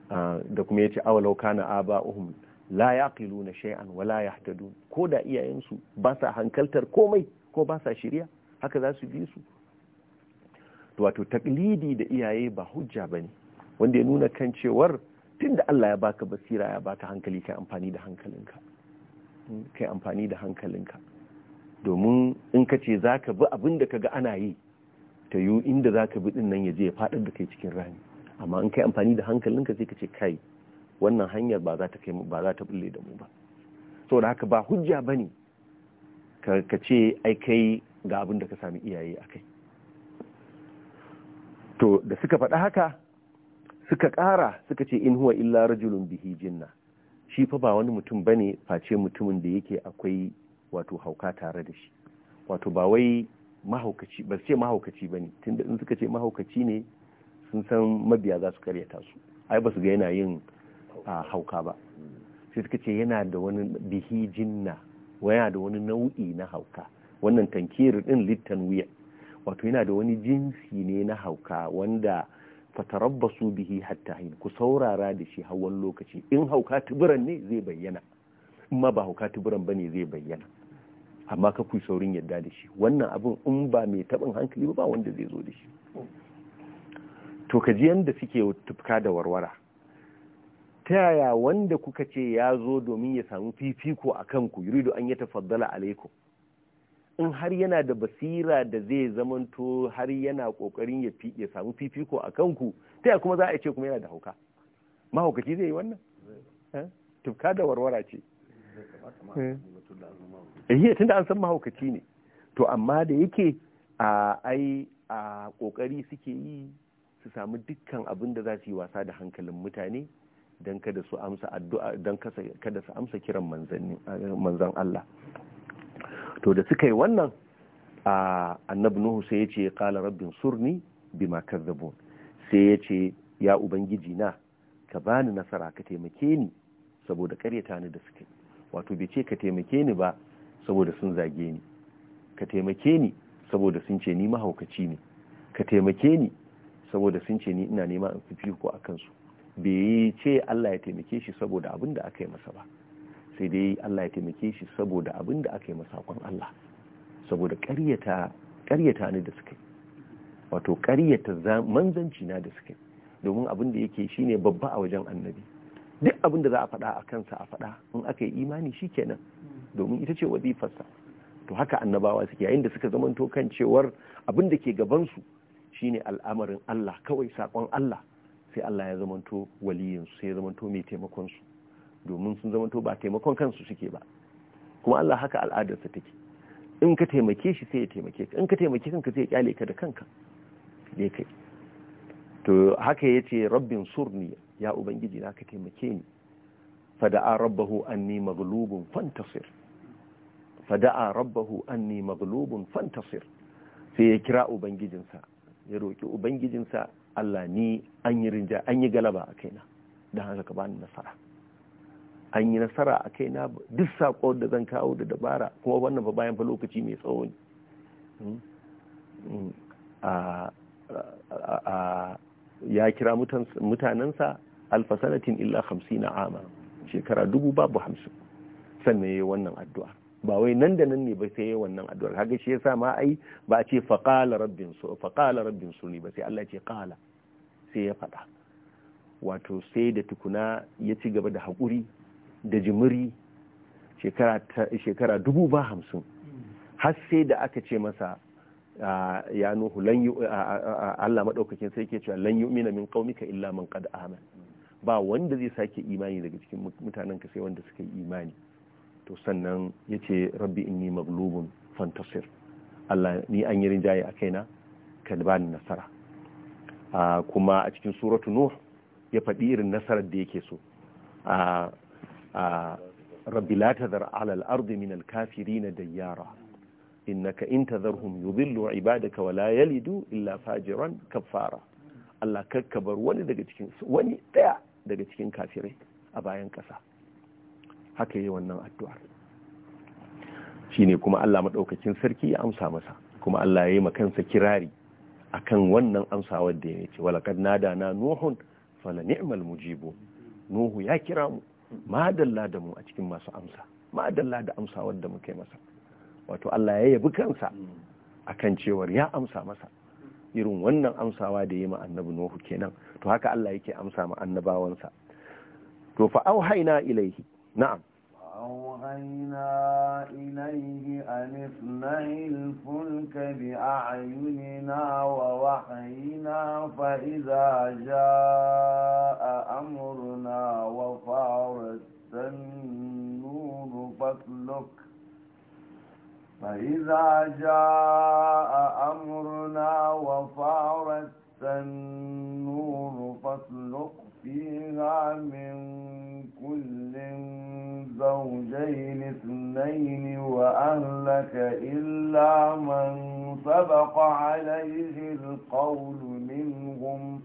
da kuma ya yace awalau kana aba'uhum la yaqiluna shay'an wala yahtadun ko da iyayensu ba sa hankaltar komai ko ba sa shirya haka za su bi su wato taklidi da iyaye ba hujja bane wanda ya nuna kan cewar tunda Allah ya baka basira ya baka hankali kai amfani da hankalinka hmm, kai amfani da hankalinka domin in ka ce za bi abin da ka ga ana yi ta inda zaka bi ɗin nan ya je ya faɗar da kai cikin rami amma in kai amfani da hankalinka sai ka ce kai wannan hanyar ba za ta kai ba za ta bulle da mu ba saboda haka ba hujja bane ka ka ce ai kai ga abin da ka sami iyaye akai to da suka faɗa haka suka ƙara suka ce in huwa illa rajulun bihi jinna shi fa ba wani mutum bane face mutumin da yake akwai wato hauka tare da shi wato ba wai mahaukaci ba ce mahaukaci bane tunda in suka ce mahaukaci ne sun san mabiya za su karyata su ai ba su ga yana yin hauka ba sai suka ce yana da wani bihi jinna waya da wani nau'i na hauka wannan tankiri din littan wuya wato yana da wani jinsi ne na hauka wanda fatarabbasu bihi hatta hin ku saurara da shi hawan lokaci in hauka tuburan ne zai bayyana in ma ba hauka tuburan bane zai bayyana amma ka ku saurin yadda da shi wannan abun in ba mai tabin hankali ba wanda zai zo da shi to ka ji yadda suke tufka da warwara ta yaya wanda kuka ce ya zo domin ya samu fifiko a kanku yuridu an yi tafaddala alaiku? in har yana da basira da zai zamanto har yana kokarin ya samu fifiko a kanku ta yaya kuma za a ce kuma yana da hauka mahaukaci zai yi wannan eh? tufka da warwara ce iya eh. eh, tunda an san mahaukaci ne to amma da yake a ai a kokari suke yi su samu dukkan abin da za su yi wasa da hankalin mutane don kada su amsa addu'a don kada su amsa kiran manzan Allah to da suka yi wannan annabi nuhu sai ya ce qala rabbin surni bima kadzabun sai ya ce ya ubangiji na ka bani nasara ka taimake ni saboda karyata ni da suke wato bai ce ka taimake ni ba saboda sun zage ni ka taimake ni saboda sun ce ni mahaukaci ne ka taimake ni saboda sun ce ni ina nema in fi ko a kansu bai ce Allah ya taimake shi saboda abin da aka yi masa ba sai dai Allah ya taimake shi saboda abin da aka yi masa kwan Allah saboda ƙaryata ni da suke wato karyata manzanci na da suke domin abin da yake shine babba a wajen annabi duk abin da za a faɗa a kansa a faɗa in aka yi imani shi kenan domin ita ce wazifarsa to haka annabawa suke yayin da suka zamanto kan cewar abin da ke gabansu shine al'amarin Allah kawai sakon Allah sai Allah ya zamanto waliyin su sai ya zamanto mai taimakon su domin sun zamanto ba taimakon kansu suke ba kuma Allah haka al'adarsa take in ka taimake shi sai ya taimake ka in ka taimake kanka sai ya kyale ka da kanka dai kai to haka yace rabbin surni ya ubangiji na ka taimake ni fada'a rabbahu anni maglubun fantasir fada'a rabbahu anni maglubun fantasir sai ya kira ubangijinsa ya roƙi ubangijinsa Allah ni an yi rinja an yi galaba a kaina don haka ka bani nasara an yi nasara a kaina duk saƙo da zan kawo da dabara kuma wannan ba bayan fa lokaci mai tsawo ne hmm? Hmm. ya kira mutanensa alfasanatin illa hamsin na ama shekara dubu babu hamsin sannan ya yi wannan addu'a ba wai nan da nan ne ba sai wannan addu'ar kaga shi yasa ma ai ba a ce faqala rabbin su faqala rabbin ne ba sai Allah ce qala sai ya faɗa wato sai da tukuna ya ci gaba da hakuri da jimiri shekara shekara dubu ba hamsin har sai da aka ce masa ya nuhu lan Allah madaukakin sai yake cewa lan yu'mina min qaumika illa man qad amana ba wanda zai sake imani daga cikin mutanen ka sai wanda suka yi imani to sannan ya ce rabbi inni maglubun fantasir Allah ni an yi rinjaye a kaina ka bani nasara kuma a cikin suratu nuh ya faɗi irin nasarar da yake so rabbi la tadhar ala al-ardi min al-kafirin dayyara innaka in tadharhum yudhillu ibadaka wa la yalidu illa fajiran kaffara Allah kakkabar wani daga cikin wani daya daga cikin kafirai a bayan kasa. haka yi wannan addu'ar ne kuma Allah maɗaukacin sarki ya amsa masa kuma Allah ya yi makansa kirari kan wannan amsa da ya ce walakad nada na nuhun fala ni'mal mujibu nuhu ya kira mu madalla da mu a cikin masu amsa madalla da amsa wadda yi masa wato Allah ya yabi kansa akan cewar ya amsa masa irin wannan amsawa da ya ma annabi nuhu kenan to haka Allah yake amsa ma annabawansa to fa haina ilaihi na'am أوحينا إليه أن اصنع الفلك بأعيننا ووحينا فإذا جاء أمرنا وفارت النور فاسلك فإذا جاء أمرنا وفارت النور فاسلك فيها من كل الزوجين اثنين وأهلك إلا من سبق عليه القول منهم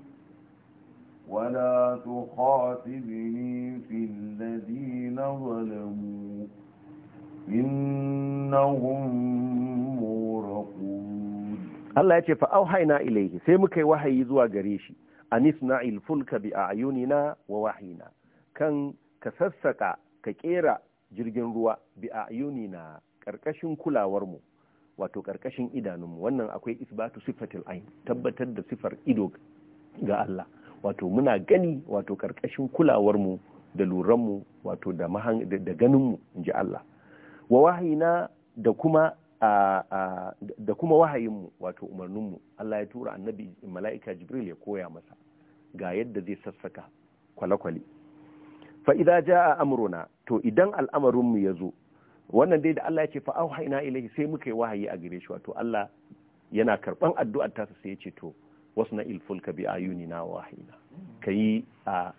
ولا تخاطبني في الذين ظلموا إنهم مورقون الله يتفى أوحينا إليه سيمك وحي يزوى قريشي أن يصنع الفلك بأعيننا ووحينا كان ka ka kera jirgin ruwa bi yuni na karkashin kulawar wato karkashin idanunmu wannan akwai isbatu sifatil ain tabbatar da sifar ido ga Allah wato muna gani wato karkashin kulawar mu da luran wato da mahan da ganin mu inji Allah wa wahina da kuma da kuma wahayinmu wato umarninmu Allah ya tura annabi mala'ika Jibril ya koya masa ga yadda zai sassaka kwale-kwale fa ja a amruna to idan al'amarinmu ya zo wannan dai da Allah ya ce fa haina ilahi sai muka yi wahayi a gare shi wato Allah yana karban addu'ar tasa sai ya ce to wasu na ilful ka bi ayunina ka yi a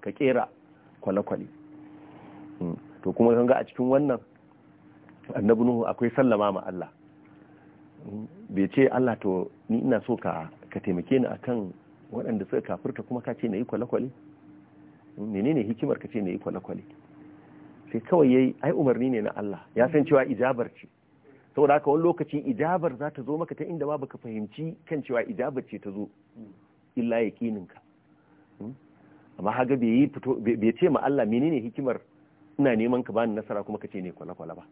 ka kera kwale-kwale hmm. to kuma ga a cikin wannan annabi nuhu akwai sallama ma Allah hmm. bai ce Allah to ni ina so ka taimake ni akan waɗanda suka kafirta kuma ka ce na yi kwale-kwale menene hikimar ka ce ne kwale-kwale sai kawai yayi ai umarni ne na Allah ya san cewa ijabar ce saboda haka wani lokaci ijabar za ta zo maka ta inda ma baka fahimci kan cewa ijabar ce ta zo illa ka hmm? amma haga bai fito bai ce ma Allah menene hikimar ina neman ka bani nasara kuma ka ce ne kwale-kwale ba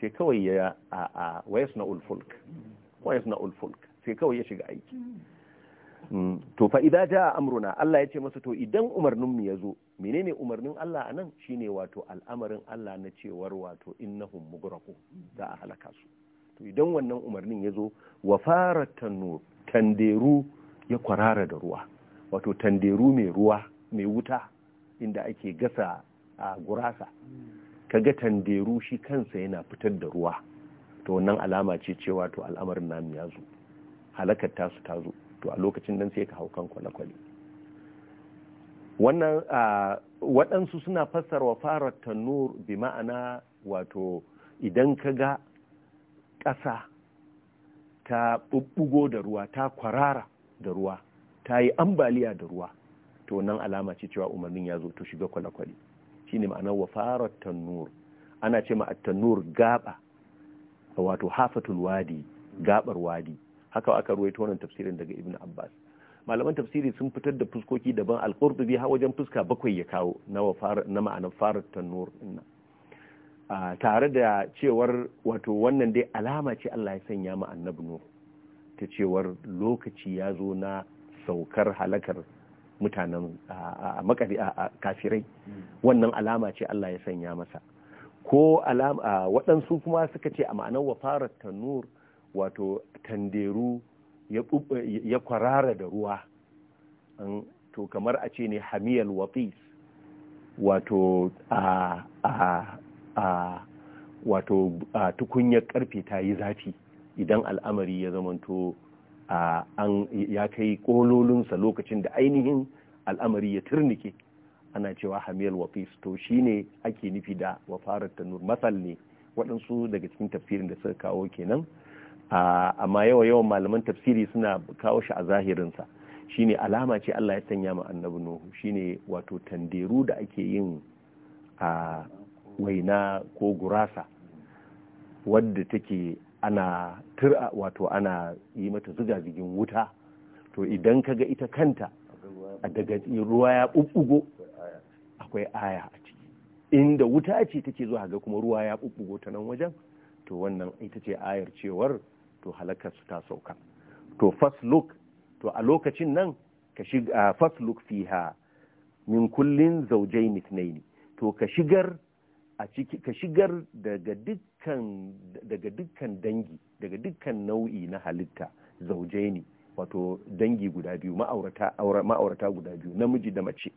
sai kawai ya a a wayasna ulfulk wayasna ulfulk sai kawai ya shiga aiki Mm. to fa idan ja amruna Allah ya ce masa to idan umarnin mu yazo menene umarnin Allah anan shine wato al'amarin Allah na cewar wato innahum mugraqu za a halaka su to idan wannan umarnin yazo wa fara tanderu ya kwarara da ruwa wato tanderu mai ruwa mai wuta inda ake gasa a gurasa kaga tanderu shi kansa yana fitar da ruwa to wannan alama ce cewa to al'amarin namu ya zo halakar tasu ta zo to a lokacin nan sai ka hau kan kwale-kwale wannan waɗansu suna fassarwa fara tanur bi ma'ana wato idan ka ga ƙasa ta ɓuɓɓugo da ruwa ta kwarara da ruwa ta yi ambaliya da ruwa to nan alama ce cewa umarnin ya zo to shiga kwale-kwale shi ne ma'anar wa fara tanur ana ce ma tanur gaba wato hafatul wadi gaɓar wadi haka aka ruwaito wannan tafsirin daga ibn abbas malaman tafsiri sun fitar da fuskoki daban al-qurtubi har wajen fuska bakwai ya kawo na ma'anar fara tanur dinnan tare da cewar wato wannan dai alama ce Allah ya sanya mu annabi nu ta cewar lokaci ya zo na saukar halakar mutanen a kafirai hmm. wannan alama ce Allah ya sanya masa ko alama waɗansu kuma suka ce a ma'anar wa fara tanur wato tanderu ya kwarara da ruwa to kamar a ce ne hamiyal wafis wato a a wato a tukunyar karfe ta yi zafi idan al'amari ya zamanto an ya kai kololinsa lokacin da ainihin al'amari ya turnike ana cewa hamiyal wafis to shine ake nufi da wafarar tanur masal ne waɗansu daga cikin tafsirin da suka kawo kenan amma yawa yawan malaman tafsiri suna kawo shi a zahirinsa shine alama ce Allah ya sanya ma annabi Nuhu shine wato tanderu da ake yin a waina ko gurasa wadda take ana tura wato ana yi mata zigazigin wuta to idan kaga ita kanta a daga ruwa ya bubbugo akwai aya a ciki inda wuta ce take zuwa ga kuma ruwa ya bubbugo ta nan wajen to wannan ita ce ayar cewar to halakar ta sauka to first look. to a lokacin nan ka shiga first look fiha min kullin zaujai mitnaini to ka shigar a ciki ka shigar daga dukkan daga dukkan dangi daga dukkan nau'i na halitta zaujai ne wato dangi guda biyu ma'aurata ma'aurata guda biyu namiji da mace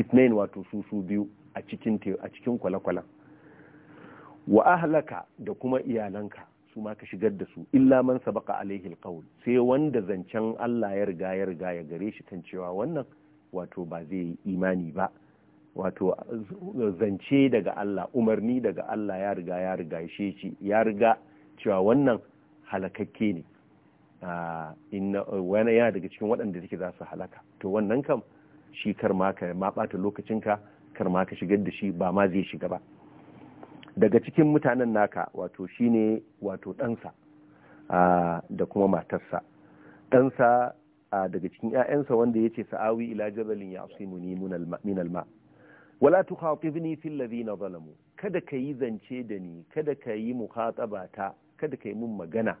itnain wato su su biyu a cikin a cikin kwale wa ahlaka da kuma iyalanka su ma ka shigar da su illa man sabaka alaihi alqaul sai wanda zancen Allah ya riga ya riga ya gare shi kan cewa wannan wato ba zai yi imani ba wato zance daga Allah umarni daga Allah ya riga ya riga shi ya riga cewa wannan halakakke ne inna wani ya daga cikin waɗanda take za su halaka to wannan kam shi kar ma ka ma ɓata lokacinka kar ma ka shigar da shi ba ma zai shiga ba daga cikin mutanen naka wato shine wato ɗansa da kuma matarsa ɗansa daga cikin 'ya'yansa wanda ya ce sa'awi ila jabalin ya muni min alma wala tukhatibni fil ladina zalamu kada ka yi zance da ni kada ka yi muhatabata kada ka yi mun magana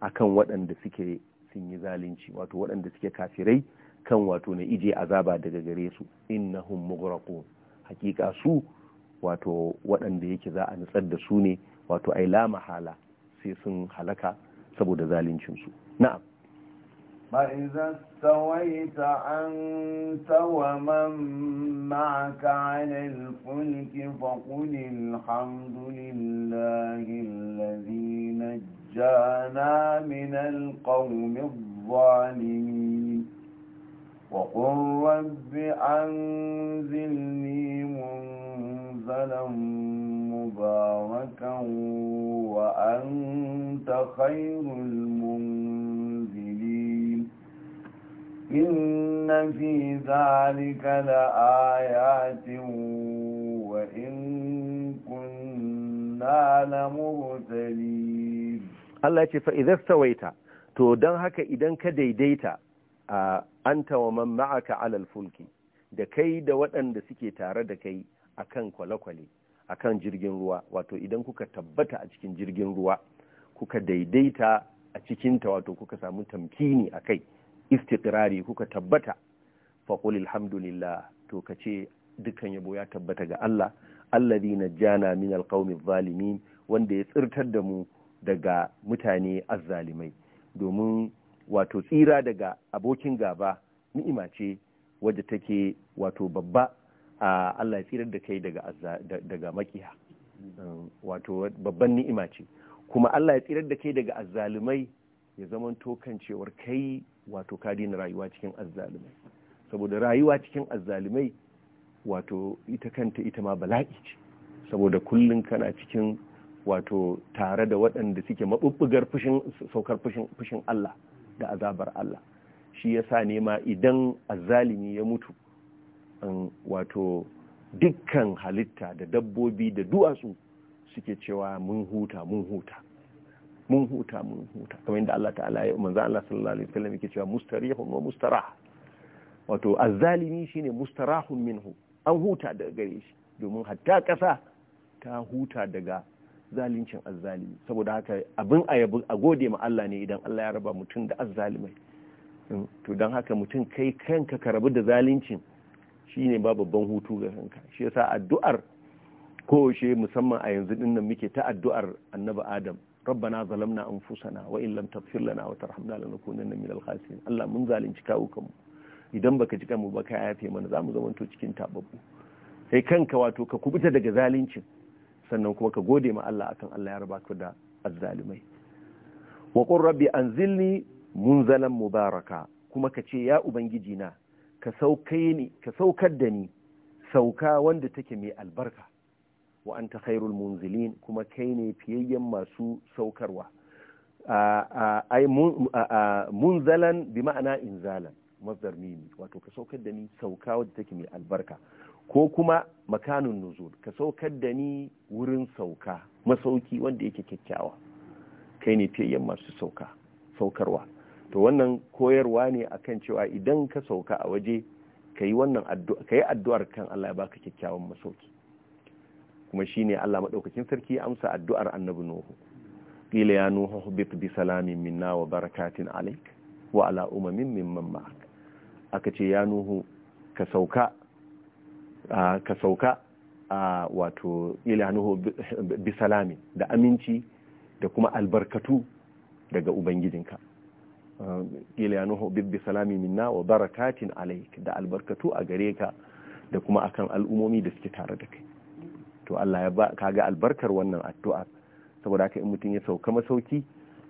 akan waɗanda suke sun yi zalunci wato waɗanda suke kafirai kan wato na ije azaba daga gare su innahum mughraqun hakika su wato waɗanda yake za a nutsar da su ne wato ai la mahala sai sun halaka saboda zaluncinsu na'am ba iza ta an tawa man ma'aka alal fulki fa kuli alhamdulillahi allazi najjana min alqawmi adh وقل رب أنزلني منزلا مباركا وأنت خير المنزلين إن في ذلك لآيات وإن كنا لمرتلين الله يقول إذا استويت to don haka idan anta wa man ma'aka alal fulki da kai da waɗanda suke tare da kai akan kwale-kwale akan jirgin ruwa wato idan kuka tabbata a cikin jirgin ruwa kuka daidaita a cikinta wato kuka samu tamkini a kai istiqrari kuka tabbata faƙul alhamdulillah to ka ce dukkan yabo ya tabbata ga Allah allazi najjana min alqaumi zalimin wanda ya tsirtar da mu daga mutane azzalimai domin wato tsira daga abokin gaba ni'ima ce wadda take wato babba a Allah ya tsirar da kai daga makiya um, wato babban ni'ima ce kuma Allah ya tsirar da kai daga azzalumai ya zaman tokan cewar kai wato ka daina rayuwa cikin azzalumai saboda rayuwa cikin azzalumai wato ita kanta ita ma bala'i ce saboda kullum kana cikin wato tare da waɗanda suke maɓuɓɓugar saukar fushin Allah da azabar Allah shi ya sa nema idan azzalimi ya mutu wato dukkan halitta da dabbobi da duwatsu suke cewa mun huta mun huta mun huta mun huta kamar yadda Allah ta'ala ya manzo Allah sallallahu alaihi wasallam yake cewa mustarihun wa mustarah wato azzalimi shine mustarahun minhu an huta daga gare shi domin hatta kasa ta huta daga zalincin azzalimi saboda haka abin a gode ma Allah ne idan Allah ya raba mutum da azzalimai hmm, to don haka mutum kai kanka ka rabu da zalincin shine ba babban hutu ga kanka shi yasa addu'ar ko she musamman a yanzu din nan muke ta addu'ar annabi Adam rabbana zalamna anfusana wa in lam taghfir lana wa tarhamna na minal khasirin Allah mun zalunci kawukan mu idan baka ji kanmu ba ka yafe mana zamu zamanto cikin tababbu sai kanka wato ka kubuta daga zaluncin sannan kuma ka gode ma Allah akan Allah ya raba ka da azzalimai wa qur rabbi anzilni munzalan mubaraka kuma ka ce ya ubangiji na ka saukai ni ka saukar da ni sauka wanda take mai albarka wa anta khairul munzilin kuma kai ne fiyayyen masu saukarwa ai munzalan bi ma'ana inzalan masdar mimi wato ka saukar da ni sauka wanda take mai albarka ko kuma makanun nuzul ka saukar da ni wurin sauka masauki wanda yake kyakkyawa kai ne fiyayyen masu sauka saukarwa to wannan koyarwa ne akan cewa idan ka sauka a waje ka yi wannan addu'ar kan Allah ya baka kyakkyawan masauki kuma shine Allah maɗaukakin sarki amsa addu'ar annabi Nuhu qila ya nuhu hubit bi salamin minna wa barakatin alayk wa ala umamin mimman ma'ak aka ce ya nuhu ka sauka ka sauka a wato ilanuhu bisalami da aminci da kuma albarkatu daga ubangijinka ilanuhu bisalami minna wa barakatin alaik da albarkatu a gare ka da kuma akan al'umomi da suke tare da kai to Allah ya ba ga albarkar wannan addu'a saboda haka in mutum ya sauka masauki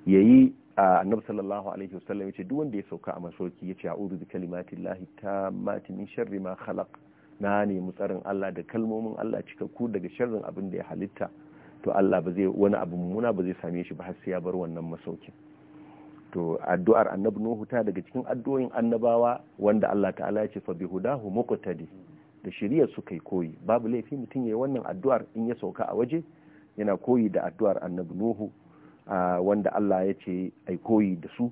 yayi annabi sallallahu alaihi wasallam yace duk wanda ya sauka a masauki yace a'udhu bi kalimatillahi tammati min sharri ma khalaq na nemi tsarin Allah da kalmomin Allah cikakku daga sharrin abin da ya halitta to Allah ba zai wani abu mummuna ba zai same shi ba har sai ya bar wannan masaukin to addu'ar annabi Nuhu ta daga cikin addu'o'in annabawa wanda Allah ta'ala ya ce fa bihudahu muqtadi da shiriyar su kai koyi babu laifi mutum yayi wannan addu'ar in ya sauka a waje yana koyi da addu'ar annabi Nuhu wanda Allah ya ce ai koyi da su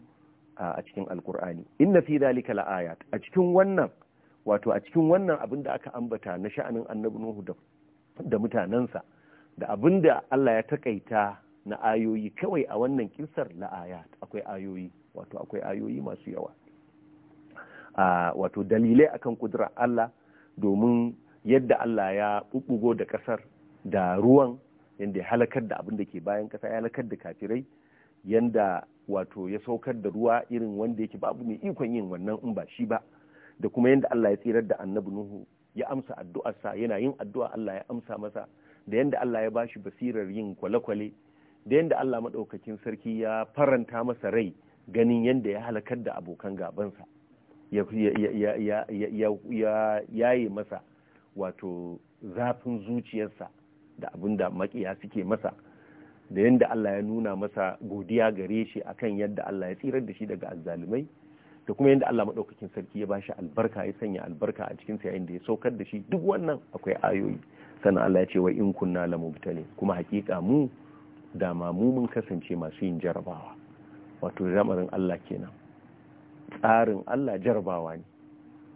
a cikin alkur'ani inna fi dhalika la'ayat a cikin wannan wato a cikin wannan abin da aka ambata na sha'anin annabi nuhu da mutanensa da abin da Allah ya takaita na ayoyi kawai a wannan kisar la'ayat akwai ayoyi wato akwai ayoyi masu yawa wato dalilai akan kudura Allah domin yadda Allah ya bubugo da kasar da ruwan yadda ya halakar da abin da ke bayan kasa ya halakar da kafirai yadda wato ya saukar da ruwa irin wanda yake babu mai ikon yin wannan in ba shi ba da kuma yadda Allah ya tsirar da annabi Nuhu ya amsa addu'arsa yana yin addu'a Allah ya amsa masa da yadda Allah ya bashi basirar yin kwale-kwale da yadda Allah maɗaukacin sarki ya faranta masa rai ganin yadda ya halakar da abokan gabansa ya yaye masa wato zafin zuciyarsa da abin da makiya suke masa da yadda Allah ya nuna masa godiya gare shi akan yadda Allah ya tsirar da shi daga azzalumai da kuma yadda Allah maɗaukakin sarki ya bashi albarka ya sanya albarka a cikinsa yayin da ya saukar da shi duk wannan akwai ayoyi sannan Allah ya ce wa in kunna la mubtali kuma hakika mu dama mu mun kasance masu yin jarabawa wato lamarin Allah kenan tsarin Allah jarabawa ne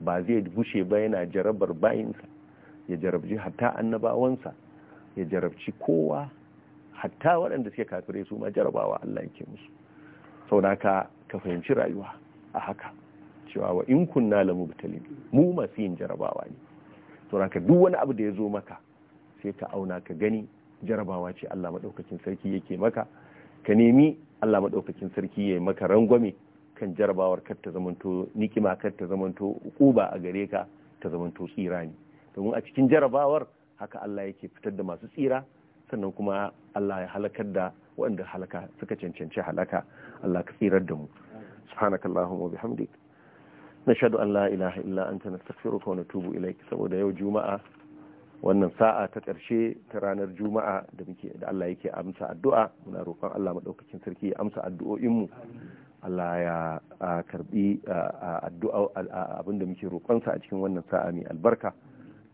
ba zai gushe ba yana jarabar bayinsa ya jarabci hatta annabawansa ya jarabci kowa hatta waɗanda suke kafirai su ma jarabawa Allah yake musu saboda da ka fahimci rayuwa a haka cewa wa in kunna la mubtalin mu masu yin jarabawa ne to raka duk wani abu da ya zo maka sai ka auna ka gani jarabawa ce Allah madaukakin sarki yake maka ka nemi Allah madaukakin sarki yayi maka rangwame kan jarabawar kar ta zamanto nikima kar ta zamanto uquba a gare ka ta zamanto tsira ne domin a cikin jarabawar haka Allah yake fitar da masu tsira sannan kuma Allah ya halakar da waɗanda halaka suka cancanci halaka Allah ka tsirar da mu subhanakallahumma wa bihamdik nashhadu an la ilaha illa anta nastaghfiruka wa natubu saboda yau juma'a wannan sa'a ta ƙarshe ta ranar juma'a da muke da Allah yake amsa addu'a muna roƙon Allah madaukakin sarki ya amsa addu'o'inmu Allah ya karbi addu'a abinda muke roƙonsa a cikin wannan sa'a mai albarka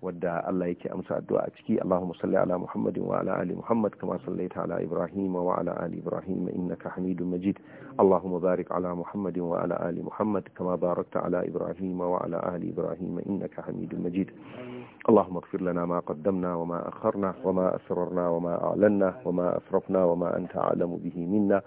wadda Allah yake amsa addu'a a ciki Allahumma salli ala Muhammadin wa ala ali Muhammad kama sallaita ala Ibrahim wa ala ali Ibrahim innaka Hamidum Majid Allahumma barik ala Muhammadin wa ala ali Muhammad kama barakta ala Ibrahim wa ala ali Ibrahim innaka Hamidum Majid ma اغفر wa ma قدمنا wa ma وما أسررنا وما أعلنا وما أسرفنا وما أنت أعلم به منا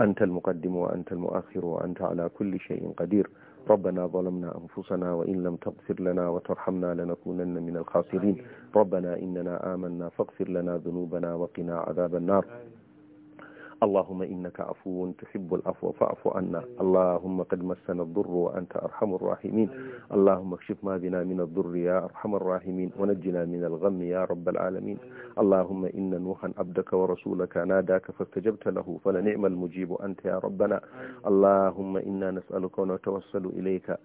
أنت المقدم وأنت المؤخر وأنت على كل شيء qadir. ربنا ظلمنا أنفسنا وإن لم تغفر لنا وترحمنا لنكونن من الخاسرين ربنا إننا آمنا فاغفر لنا ذنوبنا وقنا عذاب النار اللهم إنك عفو تحب العفو فاعف عنا اللهم قد مسنا الضر وأنت أرحم الراحمين اللهم اكشف ما بنا من الضر يا أرحم الراحمين ونجنا من الغم يا رب العالمين اللهم إن نوحا عبدك ورسولك ناداك فاستجبت له فلنعم المجيب أنت يا ربنا اللهم إنا نسألك ونتوسل إليك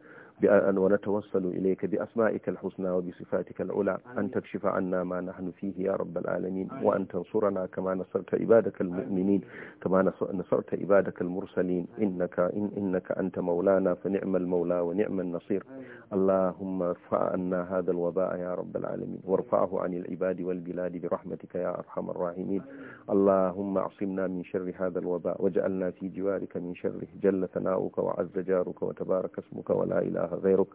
بأن ونتوسل إليك بأسمائك الحسنى وبصفاتك العلى أن تكشف عنا ما نحن فيه يا رب العالمين وأن تنصرنا كما نصرت عبادك المؤمنين كما نصرت عبادك المرسلين إنك إن إنك أنت مولانا فنعم المولى ونعم النصير اللهم ارفع عنا هذا الوباء يا رب العالمين وارفعه عن العباد والبلاد برحمتك يا أرحم الراحمين اللهم اعصمنا من شر هذا الوباء واجعلنا في جوارك من شره جل ثناؤك وعز جارك وتبارك اسمك ولا إله غيرك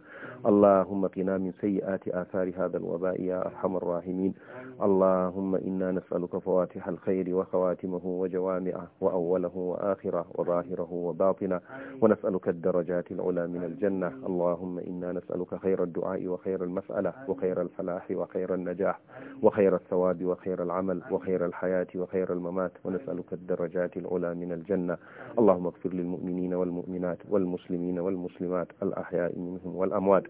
اللهم قنا من سيئات آثار هذا الوباء يا أرحم الراحمين اللهم إنا نسألك فواتح الخير وخواتمه وجوامعه وأوله وآخره وظاهره وباطنه ونسألك الدرجات العلى من الجنة اللهم إنا نسألك خير الدعاء وخير المسألة وخير الفلاح وخير النجاح وخير الثواب وخير العمل وخير الحياة وخير الممات ونسألك الدرجات العلى من الجنة اللهم اغفر للمؤمنين والمؤمنات والمسلمين والمسلمات الأحياء منهم والأموات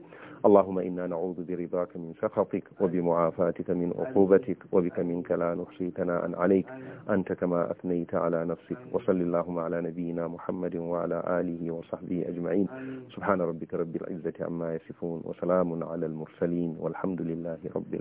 اللهم إنا نعوذ برضاك من سخطك وبمعافاتك من عقوبتك وبك منك لا نحصي ثناء عليك أنت كما أثنيت على نفسك وصل اللهم على نبينا محمد وعلى آله وصحبه أجمعين سبحان ربك رب العزة عما يصفون وسلام على المرسلين والحمد لله رب العالمين